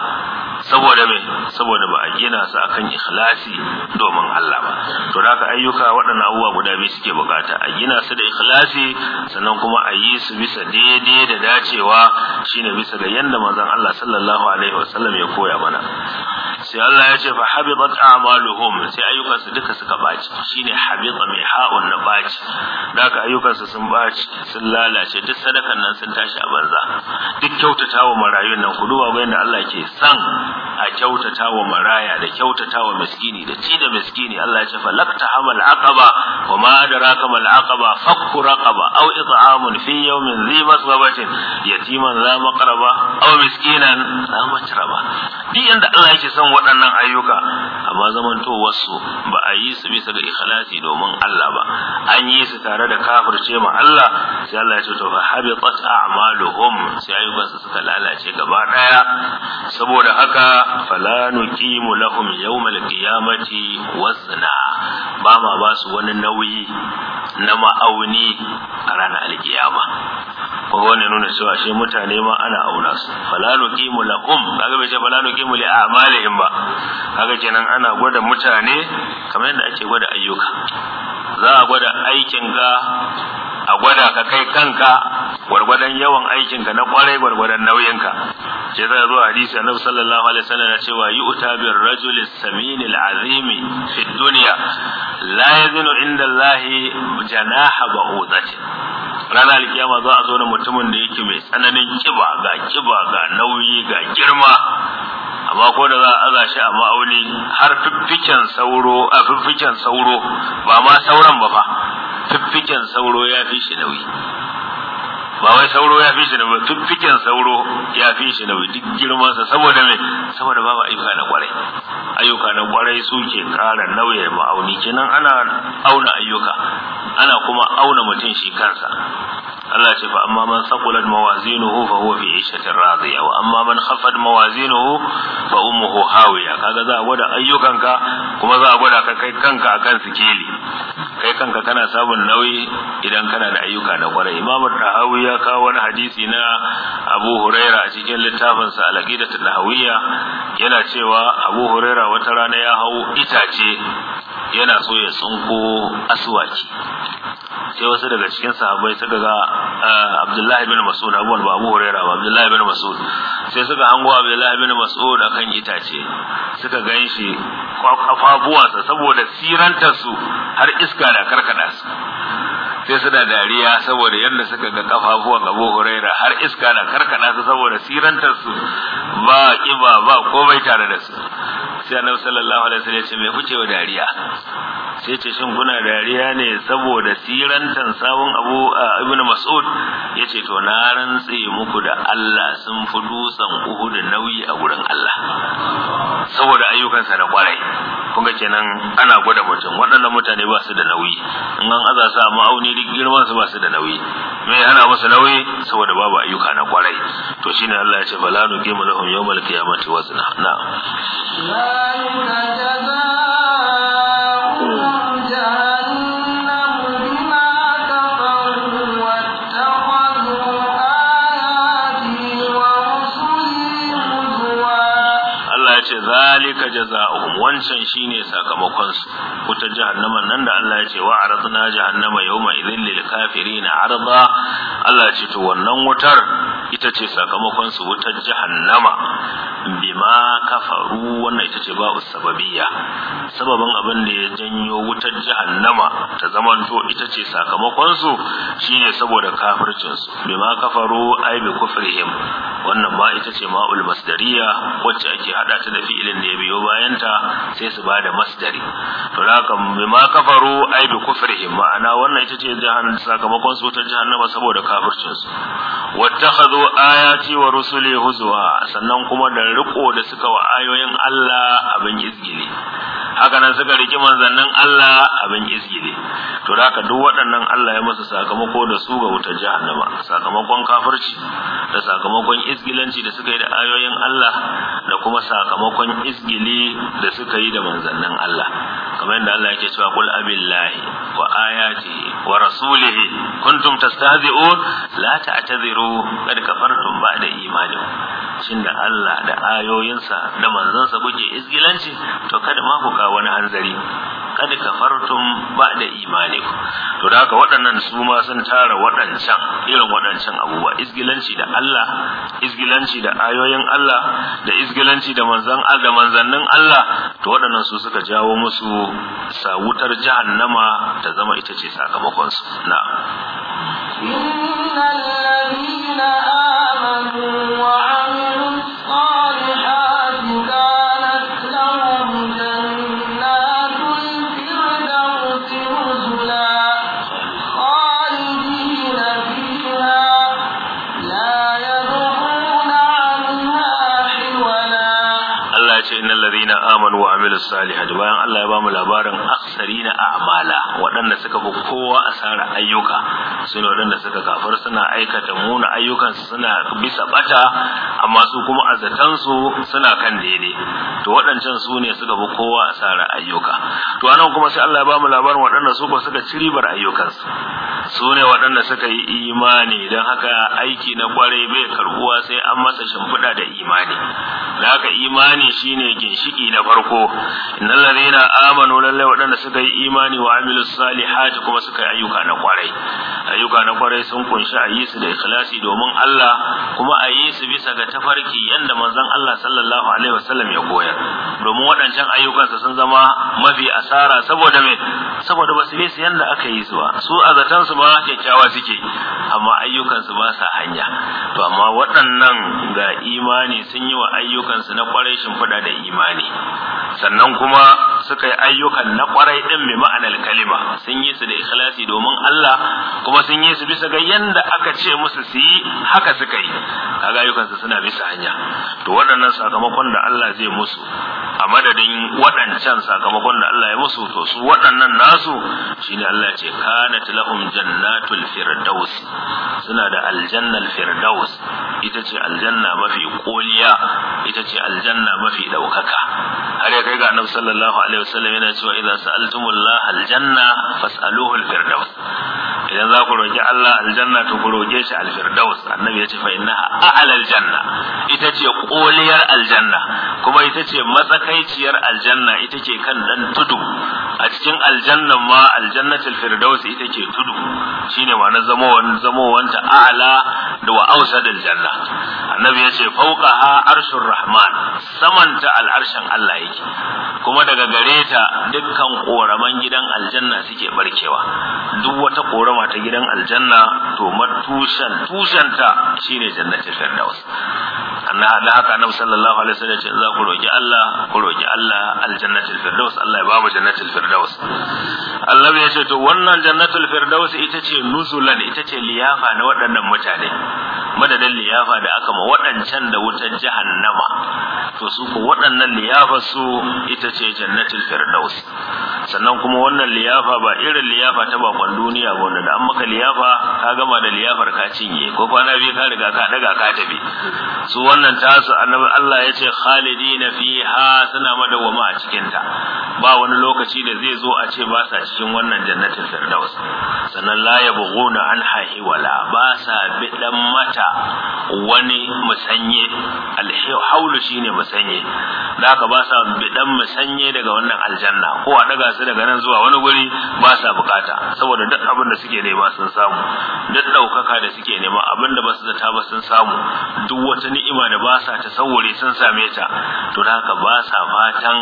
saboda me saboda ba a gina su akan ikhlasi domin Allah ba to da ayyuka waɗannan abubuwa guda biyu suke bukata a gina su da ikhlasi sannan kuma a yi su bisa daidai da dacewa shine bisa ga yanda manzon Allah sallallahu alaihi wasallam ya koya mana sai Allah ya ce fa habibat a'maluhum sai ayyukan su duka suka baci shine Habiba mai ha'un na baci da ayyukan su sun baci sun lalace duk sadakan nan sun tashi a banza duk kyautata kyautata marayun nan ku duba bayan da Allah ke san a kyautata maraya da kyautata wa miskini da ci da miskini Allah ya ce falakta hamal aqaba wa ma adraka mal aqaba fakku raqaba aw it'amun fi yawmin dhi masghabatin yatiman la maqraba aw miskinan la matraba duk yanda Allah yake son waɗannan ayyuka amma to wasu, ba a yi su bisa ga ikhlasi domin Allah ba an yi su tare da kafirce ma Allah sai Allah ya ce to fa habitat a'maluhum sai ayyukan su suka lalace gaba daya saboda haka fala nuqimu lahum yawmal qiyamati wazna ba ma ba su wani nauyi na ma'auni a ranar alkiyama ko wani nuna cewa shi mutane ma ana auna su fala nuqimu lahum kaga bai ce fala yuqimu li a'malihim ba kaga kenan ana gwada mutane kamar yadda ake gwada ayyuka za a gwada aikin ka a gwada ka kai kanka gwargwadon yawan aikin ka na kwarai gwargwadon nauyin ka ce zai zo hadisi annabi sallallahu alaihi wasallam ya cewa yu'ta ar rajuli samin al azimi fi dunya la yazinu inda Allah janaha ranar alkiyama za a zo da mutumin da yake mai tsananin kiba ga kiba ga nauyi ga girma amma ko da za a aza shi a ma'auni har fiffiken sauro a fiffiken sauro ba ma sauran ba fa fiffiken sauro ya fi shi nauyi ba wai sauro ya fi shi nabi tuffiken sauro ya fi shi nabi duk girmansa saboda me saboda babu ayyuka na kwarai ayyuka na kwarai suke ƙara nauye ma'auni kenan ana auna ayyuka ana kuma auna mutum shi kansa Allah ce fa amma man saqulat mawazinuhu fa huwa fi 'ishatin radiya wa amma man khaffat mawazinuhu fa ummuhu hawiya kaga za a gwada ayyukanka kuma za a gwada ka kai kanka akan sikeli kai kanka kana sabon nauyi idan kana da ayyuka na kwarai imam tahawi ya kawo wani hadisi na abu huraira a cikin littafin sa al-aqidat yana cewa abu huraira wata rana ya hau itace yana so ya tsunko asuwaci sai wasu daga cikin sahabbai suka ga eh, Abdullahi bin Mas'ud abuwan ba Abu Hurera ba Abdullahi bin Mas'ud sai suka hango Abdullahi bin Mas'ud a kan itace suka ganshi kafafuwansa saboda sirantarsu su har iska da karkada su sai suna dariya saboda yadda suka ga kafafuwan Abu Hurera har iska na karkada su saboda sirantarsu su ba kiba ba komai tare da su sai annabi sallallahu alaihi wasallam ya ce me kuke wa dariya sai ce shin kuna dariya ne saboda sirantan sabon abu ibnu mas'ud ce to na rantse muku da Allah sun fi dutsen Uhud nauyi a gurin Allah saboda ayyukansa na kwarai kun ga kenan ana gwada mutum waɗannan mutane ba su da nauyi in an aza su a ma'auni duk girman su ba su da nauyi me ana masa nauyi saboda babu ayyuka na kwarai to shine Allah ya ce balanu gimu lahum yawmal qiyamati wazna na'am jaza'uhum wancan shine sakamakon su wutar jahannaman nan da Allah ya ce wa aradna jahannama yawma idhil lil kafirin arda Allah ya ce to wannan wutar ita ce sakamakon su wutar jahannama bima kafaru wannan ita ce ba sababiyya sababin abin da ya janyo wutar jahannama ta zamanto ita ce sakamakon su shine saboda kafircin bima kafaru ai bi kufrihim wannan ma ita ce ma'ul masdariya wacce ake hada ta da fi'ilin da ya biyo ta sai su bada masdari to haka bima kafaru ai bi kufrihim ma'ana wannan ita ce jahannam sakamakon su ta jahannama saboda kafircin su wattakhadhu ayati wa rusuli huzwa sannan kuma da riko da suka wa ayoyin Allah abin izgili haka nan suka riki manzannin Allah abin izgide to da haka duk waɗannan Allah ya masa sakamako da su ga wutar jahannama sakamakon kafirci da sakamakon iskilanci da suka yi da ayoyin Allah da kuma sakamakon izgili da suka yi da manzannin Allah kamar yadda Allah yake cewa qul abillahi wa ayati wa rasulihi kuntum tastahzi'un la ta'tadiru kad kafartum ba'da imanikum shin da Allah da ayoyinsa da manzansa kuke izgilanci to kada ma ku kawo wani hanzari kada ka kafartum ba da imani to da haka waɗannan su ma sun tara waɗancan irin waɗancan abubuwa izgilanci da Allah izgilanci da ayoyin Allah da izgilanci da manzan da manzannin Allah to waɗannan su suka jawo musu sawutar jahannama ta zama ita ce sakamakon su na إن الذين آمنوا salihati bayan Allah ya bamu labarin aksarina a'mala waɗanda suka fi kowa asara ayyuka su ne waɗanda suka kafar suna aikata muna ayyukan suna bisa bata amma su kuma azatan su suna kan daidai to waɗancan su ne suka fi kowa asara ayyuka to anan kuma sai Allah ya bamu labarin waɗanda su ba suka ci ribar ayyukan su su ne waɗanda suka yi imani don haka aiki na kwarai bai karbuwa sai an masa shimfiɗa da imani Da haka imani shine ginshiki na farko innal ladina amanu lalle wadanda suka yi imani wa amilu salihat kuma suka yi ayyuka na kwarai ayyuka na kwarai sun kunshi a yi su da ikhlasi domin Allah kuma a yi su bisa ga tafarki yanda manzon Allah sallallahu alaihi wasallam ya koyar domin waɗancan ayyukansa sun zama mafi asara saboda me saboda basu yi su yanda aka yi su ba su a zatan su ma kyakkyawa suke amma ayyukansu ba sa hanya to amma waɗannan ga imani sun yi wa ayyuka ayyukansu na kwarai shimfiɗa da imani sannan kuma suka yi ayyukan na kwarai ɗin mai ma'anar kalima sun yi su da ikhlasi domin Allah kuma sun yi su bisa ga yanda aka ce musu su yi haka suka yi kaga ayyukansu suna bisa hanya to waɗannan sakamakon da Allah zai musu a madadin waɗancan sakamakon da Allah ya musu to su waɗannan nasu shine Allah ce kana lahum jannatul firdaus suna da aljannal firdaus ita ce aljanna mafi koliya ita ce aljanna mafi ɗaukaka, har ya kai ga annabi sallallahu alaihi wasallam yana cewa idza sa'altumullah aljanna fas'aluhu alfirdaus idan za ku roƙi Allah aljanna to ku roƙe shi alfirdaus annabi ya ce fa innaha a'la aljanna ita ce koliyar aljanna kuma ita ce matsakaiciyar aljanna ita ce kan dan tudu a cikin aljanna ma aljannatul firdaus ita ce tudu shine ma zamo wani a'la da wa ausadil janna annabi yace fawqaha arshin rahman saman ta al'arshin Allah yake kuma daga gare ta dukkan koraman gidan aljanna suke barkewa duk wata korama ta gidan aljanna to matushan tushanta shine jannatul firdaus na haka annabi sallallahu alaihi wasallam ce za ku roki Allah ku roki Allah aljannatul firdaus Allah ya ba mu jannatul firdaus annabi ya ce to wannan jannatul firdaus ita ce nuzulan ita ce liyafa na waɗannan mutane madadin liyafa da aka ma waɗancan da wutar jahannama to su ko waɗannan liyafa su ita ce jannatul firdaus sannan kuma wannan liyafa ba irin liyafa ta bakon duniya ba wanda da an maka liyafa ka gama da liyafar ka cinye ko kwana biyu ka riga ka daga ka tafi su wannan tasu annabi Allah ya ce khalidina fiha suna madawama a cikin ta ba wani lokaci da zai zo a ce ba sa cikin wannan jannatin firdaus sannan la yabghuna anha hiwala ba sa bidan mata wani musanye alhaulu shine musanye da aka ba sa bidan musanye daga wannan aljanna ko a daga su daga nan zuwa wani guri ba sa bukata saboda duk abin da suke nema sun samu duk daukaka da suke nema abin da ba su zata ba sun samu duk wata ni'ima da ba sa ta tasawure sun same ta to da haka ba sa fatan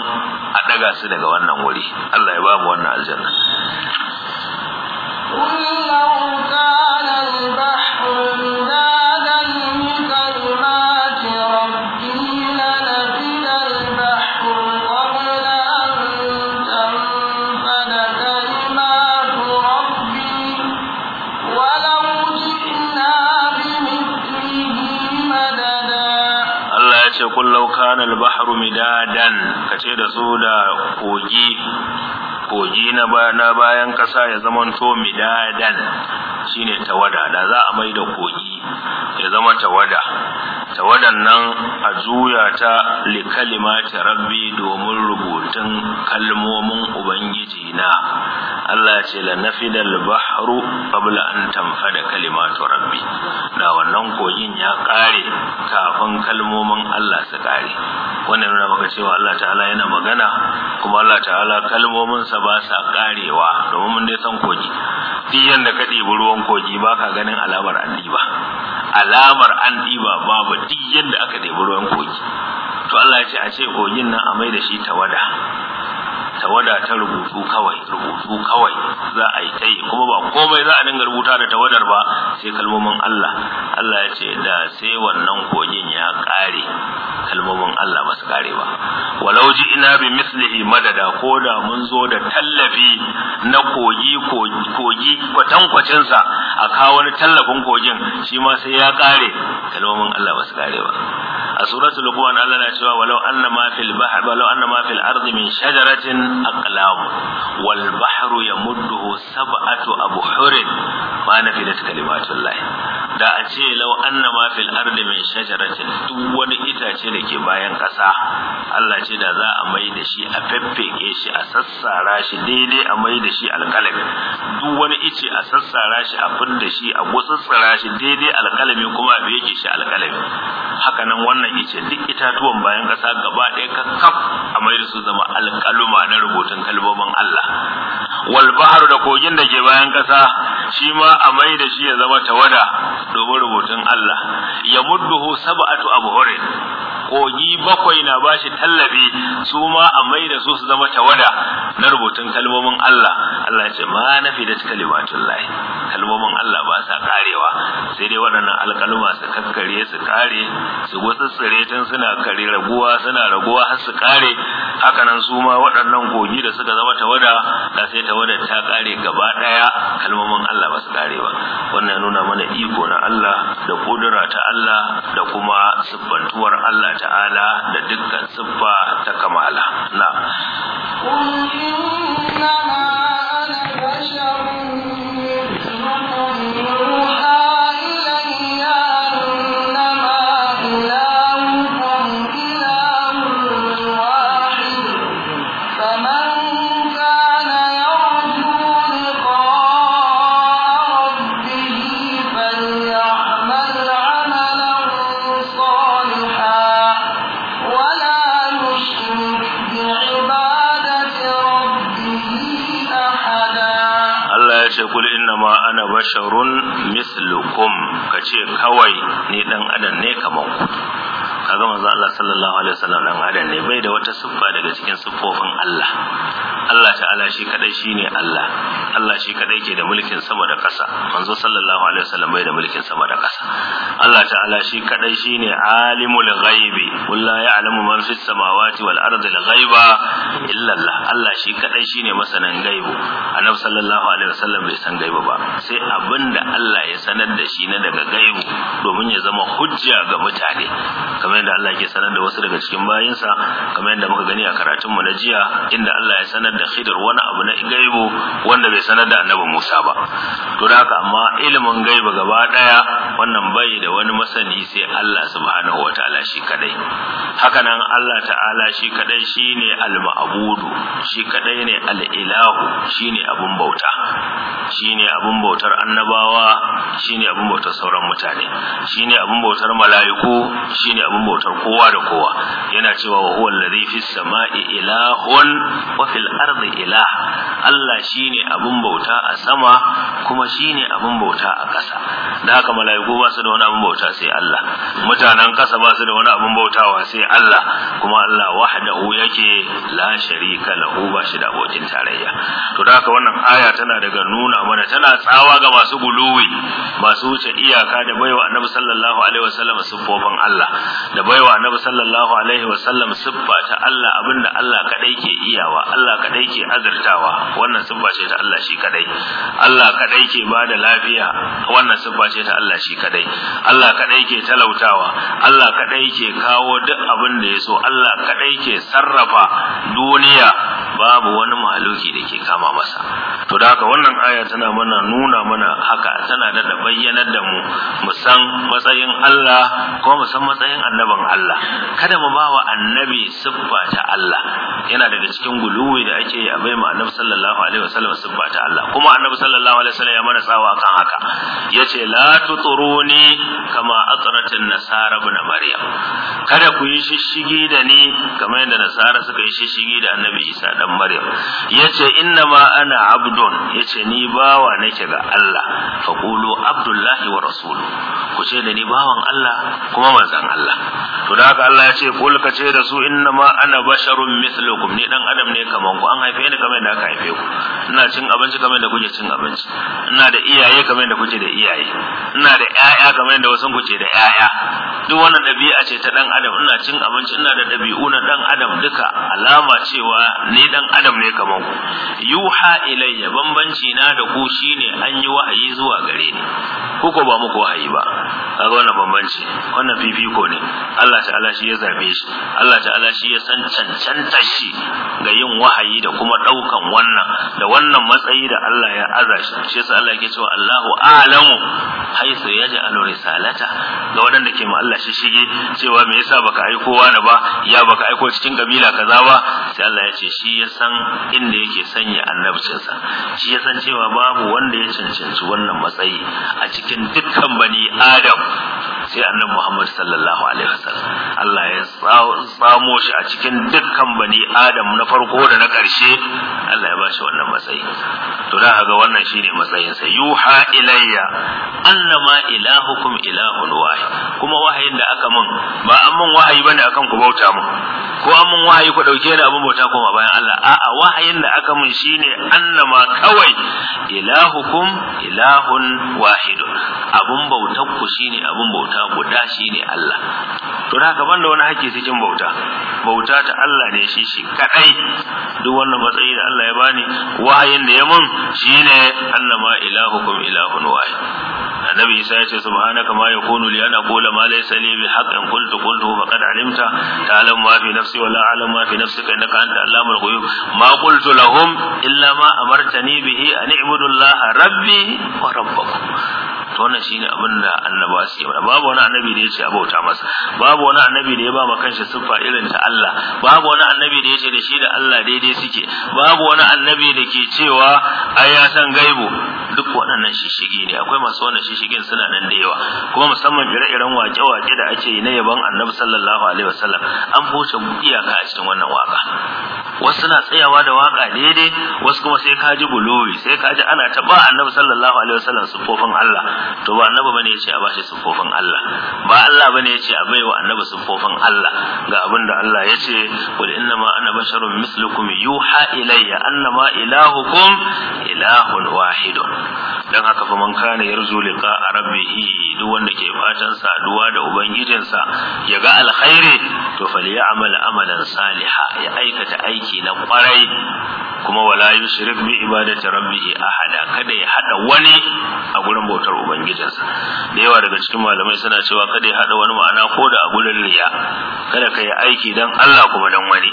a daga su daga wannan wuri Allah ya ba mu wannan aljanna al-bahru midadan kace da su da kogi kogi na bayan kasa ya to midadan shine tawada da za a mai da kogi ya zama tawada tawadan nan a juya ta li kalimati rabbi domin rubutun kalmomin ubangiji na Allah ce la nafida al-bahru qabla an tanfada kalimatu rabbi da wannan kogin ya kare kafin kalmomin Allah su kare wannan nuna maka cewa Allah ta'ala yana magana kuma Allah ta'ala kalmominsa ba sa karewa domin mun dai san kogi duk yanda ka ɗibi ruwan kogi ba ka ganin alamar an ɗiba alamar an ɗiba babu duk yanda aka ɗibi ruwan kogi to Allah ya ce a ce kogin nan a mai da shi tawada tawada ta rubutu kawai rubutu kawai za a yi ta kuma ba komai za a dinga rubuta da tawadar ba sai kalmomin Allah Allah ya ce da sai wannan kogin ya kare kalmomin Allah ba su kare ba walau ji ina bi mislihi madada ko da mun zo da tallafi na kogi kogi kwatankwacin sa a kawo wani tallafin kogin shi ma sai ya kare kalmomin Allah ba su kare ba a suratul lukuwan Allah na cewa walau anna ma fil bahr walau anna ma fil ardi min shajaratin aqlam wal bahru yamudduhu sab'atu abhurin ma nafidat kalimatullah da a ce lau anna ma fil ardi mai shajaratin duk wani itace da ke bayan ƙasa Allah ce da za a mai da shi a feffeke shi a sassara shi daidai a mai da shi alƙalami duk wani ice a sassara shi a da shi a gutsutsura shi daidai alƙalami kuma a beke shi alƙalami haka nan wannan ice duk itatuwan bayan ƙasa gaba ɗaya kakkaf a mai da su zama alƙaluma na rubutun kalmomin Allah wal bahar da kogin da ke bayan ƙasa shi ma a mai da shi ya zama tawada domin rubutun Allah ya mudduhu sab'atu abhurin kogi bakwai na bashi tallafi su ma a mai da su su zama tawada na rubutun kalmomin Allah Allah ya ce ma fi da kalimatun lahi kalmomin Allah ba sa karewa sai dai waɗannan alkalma su kakkare su kare su gutsutsure tun suna kare raguwa suna raguwa har su kare haka nan su ma waɗannan kogi da suka zama tawada da sai tawada ta kare gaba ɗaya kalmomin Allah ba su kare ba wannan nuna mana iko na Allah da kudura ta Allah da kuma siffantuwar Allah ta'ala da dukkan siffa ta kamala na ya ce kul inna ma ana basharun mislukum kace kawai ni dan adam ne kamar ku kaga manzo Allah sallallahu alaihi wasallam dan adam ne bai da wata siffa daga cikin siffofin Allah Allah ta'ala shi kadai shine Allah Allah shi kadai ke da mulkin sama da ƙasa manzo sallallahu alaihi wasallam bai da mulkin sama da ƙasa Allah ta'ala shi kadai shine alimul ghaibi qul la ya'lamu man fis samawati wal ardi al ghaiba illa Allah Allah shi kadai shine masanin gaibu annabi sallallahu alaihi wasallam bai san gaibu ba sai abinda Allah ya sanar da shi na daga gaibu domin ya zama hujja ga mutane kamar yadda Allah ke sanar da wasu daga cikin bayinsa kamar yadda muka gani a karatunmu na jiya inda Allah ya sanar da Khidir wani abu na gaibu wanda bai sanar da annabi Musa ba to da haka amma ilimin gaibu gaba daya wannan bai da wani masani sai Allah subhanahu wataala shi kadai haka nan Allah ta'ala shi kadai shine al-ma'budu shi kadai ne al-ilahu shine abun bauta shine abun bautar annabawa shine abun bautar sauran mutane shine abun bautar mala'iku shine abun bautar kowa da kowa yana cewa wa huwa allazi fis sama'i ilahun wa fil ardi ilah Allah shi ne abin bauta a sama kuma shi ne abin bauta a ƙasa da haka mala'iku ba su da wani abin bauta sai Allah mutanen ƙasa ba su da wani abin bautawa sai Allah kuma Allah wahdahu yake la sharika lahu ba shi da abokin tarayya to da haka wannan aya tana daga nuna mana tana tsawa ga masu guluwi masu wuce iyaka da baiwa annabi sallallahu alaihi wasallam siffofin Allah da baiwa annabi sallallahu alaihi wasallam siffa ta Allah abinda Allah kadai ke iyawa Allah kadai ke azurta azurtawa wannan siffa ce ta Allah shi kadai Allah kadai ke bada lafiya wannan siffa ce ta Allah shi kadai Allah kadai ke talautawa Allah kadai ke kawo duk abin da ya so Allah kadai ke sarrafa duniya babu wani mahaluki da ke kama masa to da haka wannan aya tana mana nuna mana haka tana da bayyanar da mu mu san matsayin Allah ko mu san matsayin annaban Allah kada mu bawa annabi siffa ta Allah yana daga cikin guluwi da ake yi a bai ma annabi sallallahu alaihi wasallam subba Allah kuma annabi sallallahu alaihi wasallam ya mana tsawa kan haka yace la tuturuni kama atratin nasara ibn maryam kada ku yi shishigi da ni kamar yadda nasara suka yi shishigi da annabi isa dan maryam yace inna ma ana abdun yace ni bawa nake ga Allah faqulu abdullahi wa rasuluhu ku ce da ni bawan Allah kuma manzon Allah to da haka Allah ya ce kul ka ce da su inna ma ana basharun mithlukum ni dan adam ne kaman ku an haife ni kamar da aka haife ku ina cin abinci kamar da kuke cin abinci ina da iyaye kamar da kuke da iyaye ina da ƴaƴa kamar da wasan kuke da ƴaƴa duk wannan ɗabi'a ce ta dan adam ina cin abinci ina da ɗabi'u na dan adam duka alama cewa ni dan adam ne kamar ku yuha ilayya bambanci na da ku shine an yi wahayi zuwa gare ni kuko ba muku wahayi ba kaga wannan bambanci wannan fifiko ne Allah ta'ala shi ya zabe shi Allah ta'ala shi ya san cancanta shi ga yin wahayi da kuma ɗauka akan wannan da wannan matsayi da Allah ya aza shi shi yasa Allah yake cewa Allahu a'lamu haythu yaj'alu risalata ga wadanda ke ma Allah shi shige cewa me yasa baka aiko wani ba ya baka aiko cikin kabila kaza ba sai Allah ya ce shi ya san inda yake sanya annabcinsa shi ya san cewa babu wanda ya cancanci wannan matsayi a cikin dukkan bani Adam sai annabi Muhammad sallallahu alaihi wasallam Allah ya tsamo shi a cikin dukkan bani Adam na farko da na ƙarshe Allah ya bashi wannan matsayi to da ga wannan shine matsayin sa yuha ilayya annama ilahukum ilahun wahid kuma wahayin da aka mun ba an mun wahayi bane akan ku bauta mun ko an mun wahayi ku dauke ni abin bauta kuma bayan Allah a'a wahayin da aka mun shine annama kawai ilahukum ilahun wahid abun bautar ku shine abun bauta bauta guda shine Allah to da haka da wani hakki cikin bauta bauta ta Allah ne shi shi kadai duk wannan matsayi da Allah ya bani wahayin da ya mun shine annama ilahukum ilahun wahid annabi isa ya ce subhanaka ma yakunu li an aqula ma laysa li bi haqqin qultu qultu faqad alimta ta'lamu ma fi nafsi wa la a'lamu ma fi nafsika innaka anta allamul ghuyub ma qultu lahum illa ma amartani bihi an i'budu allaha rabbi wa rabbakum to wannan shine abin da annaba su yi babu babu wani annabi da ya ce a bauta masa babu wani annabi da ya ba ma kanshi siffa irin ta Allah babu wani annabi da yace da shi da Allah daidai suke babu wani annabi da ke cewa ai ya san gaibu duk waɗannan shishigi ne akwai masu wannan shishigin suna nan da yawa kuma musamman ire-iren waƙe-waƙe da ake yi na yabon annabi sallallahu alaihi wasallam an fuce iyaka a cikin wannan waka wasu suna tsayawa da waka daidai wasu kuma sai ka ji bulowi sai ka ji ana ta ba annabi sallallahu alaihi wasallam sufofin Allah to ba annabi bane ce a bashi sufofin Allah ba Allah bane yace a baiwa annabi sufofin Allah ga abin da Allah yace qul inna ma ana basharun mislukum yuha ilayya annama ilahukum ilahun wahidun dan haka fa man kana yarzu liqa rabbih duk wanda ke fatan saduwa da ubangijinsa ya ga alkhairi to amala amalan saliha ya aikata aiki na kwarai kuma wala yushrik bi ibadati rabbihi ahada kada ya hada wani a gurin bautar ubangijinsa da yawa daga cikin malamai suna cewa kada ya hada wani ma'ana ko da a gurin riya kada kai aiki dan Allah kuma dan wani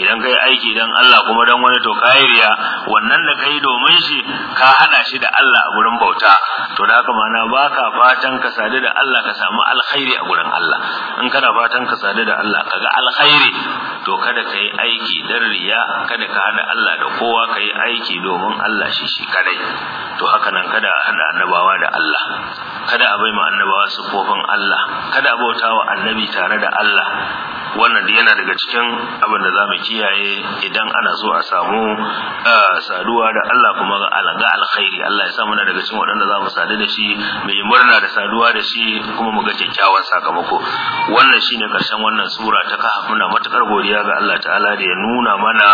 idan kai aiki dan Allah kuma dan wani to kai riya wannan da kai domin shi ka hada shi da Allah a gurin bauta to da haka ma'ana baka fatan ka sadu da Allah ka samu alkhairi a gurin Allah in kana fatan ka sadu da Allah kaga alkhairi to kada kai aiki dan riya kada ka hada Allah da kowa ka yi aiki domin Allah shi shi kadai to haka nan kada a hada annabawa da Allah kada a bai ma annabawa su kofin Allah kada a bauta wa annabi tare da Allah wannan da yana daga cikin abin da za mu kiyaye idan ana so a samu saduwa da Allah kuma ga alkhairi Allah ya sa muna daga cikin waɗanda za mu sadu da shi mai murna da saduwa da shi kuma mu ga kyakkyawan sakamako wannan shine karshen wannan sura ta kafa muna matukar godiya ga Allah ta'ala da ya nuna mana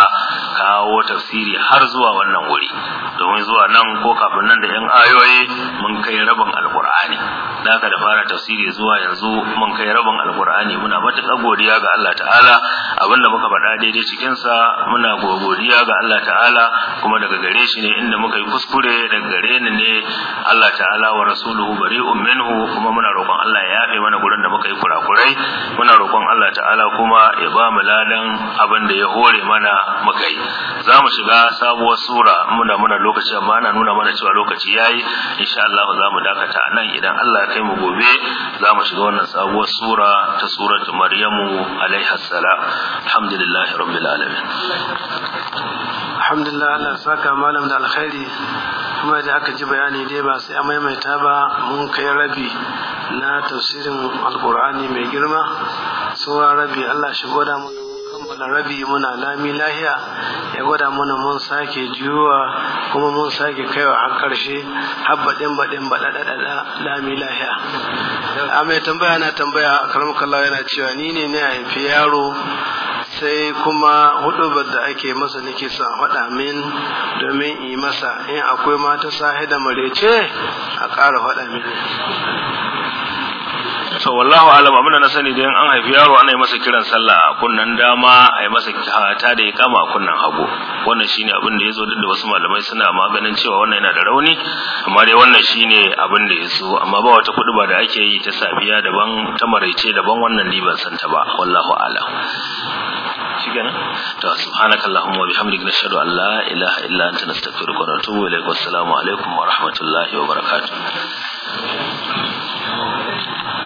kawo tafsiri har zuwa wannan wuri domin zuwa nan ko kafin nan da yan ayoyi mun kai rabin alqur'ani da da fara tafsiri zuwa yanzu mun kai rabin alqur'ani muna matukar godiya ga ga Allah ta'ala abinda muka faɗa daidai cikin sa muna godiya ga Allah ta'ala kuma daga gare shi ne inda muka yi kuskure daga gare ni ne Allah ta'ala wa rasuluhu bari'un minhu kuma muna roƙon Allah ya yafe mana gurin da muka yi kurakurai muna roƙon Allah ta'ala kuma ya ba mu ladan abin da ya hore mana muka yi za mu shiga sabuwar sura muna muna lokaci amma ana nuna mana cewa lokaci yayi insha Allah za mu dakata a nan idan Allah ya kai mu gobe za mu shiga wannan sabuwar sura ta suratu Maryamu alaiha salam alhamdulillahi rabbil alamin alhamdulillah Allah saka malam da alkhairi kuma da aka ji bayani dai ba sai a maimaita ba mun kai rabi na tafsirin alkur'ani mai girma sauran rabi Allah shigo da mu na rabi muna lami lahiya ya gwada mana mun sake juwa kuma mun sake kaiwa har karshe har baɗin baɗin baɗaɗaɗa lami lahiya a mai tambaya na tambaya a yana cewa ni ne na haifi yaro sai kuma hudu da ake masa nake sa faɗa min domin yi masa in akwai mata sahi da ce a ƙara faɗa min so wallahu alam abin na sani dai an haifi yaro ana yi masa kiran sallah a kunnan dama a yi masa ta da ya kama a kunnan hagu wannan shine abin da ya zo da wasu malamai suna maganin cewa wannan yana da rauni amma dai wannan shine abin da ya zo amma ba wata ba da ake yi ta safiya daban ta maraice daban wannan ni ban san ta ba wallahu alam shikenan to subhanakallahumma wa bihamdika nashhadu an la ilaha illa anta nastaghfiruka wa natubu ilaik assalamu alaikum wa rahmatullahi wa barakatuh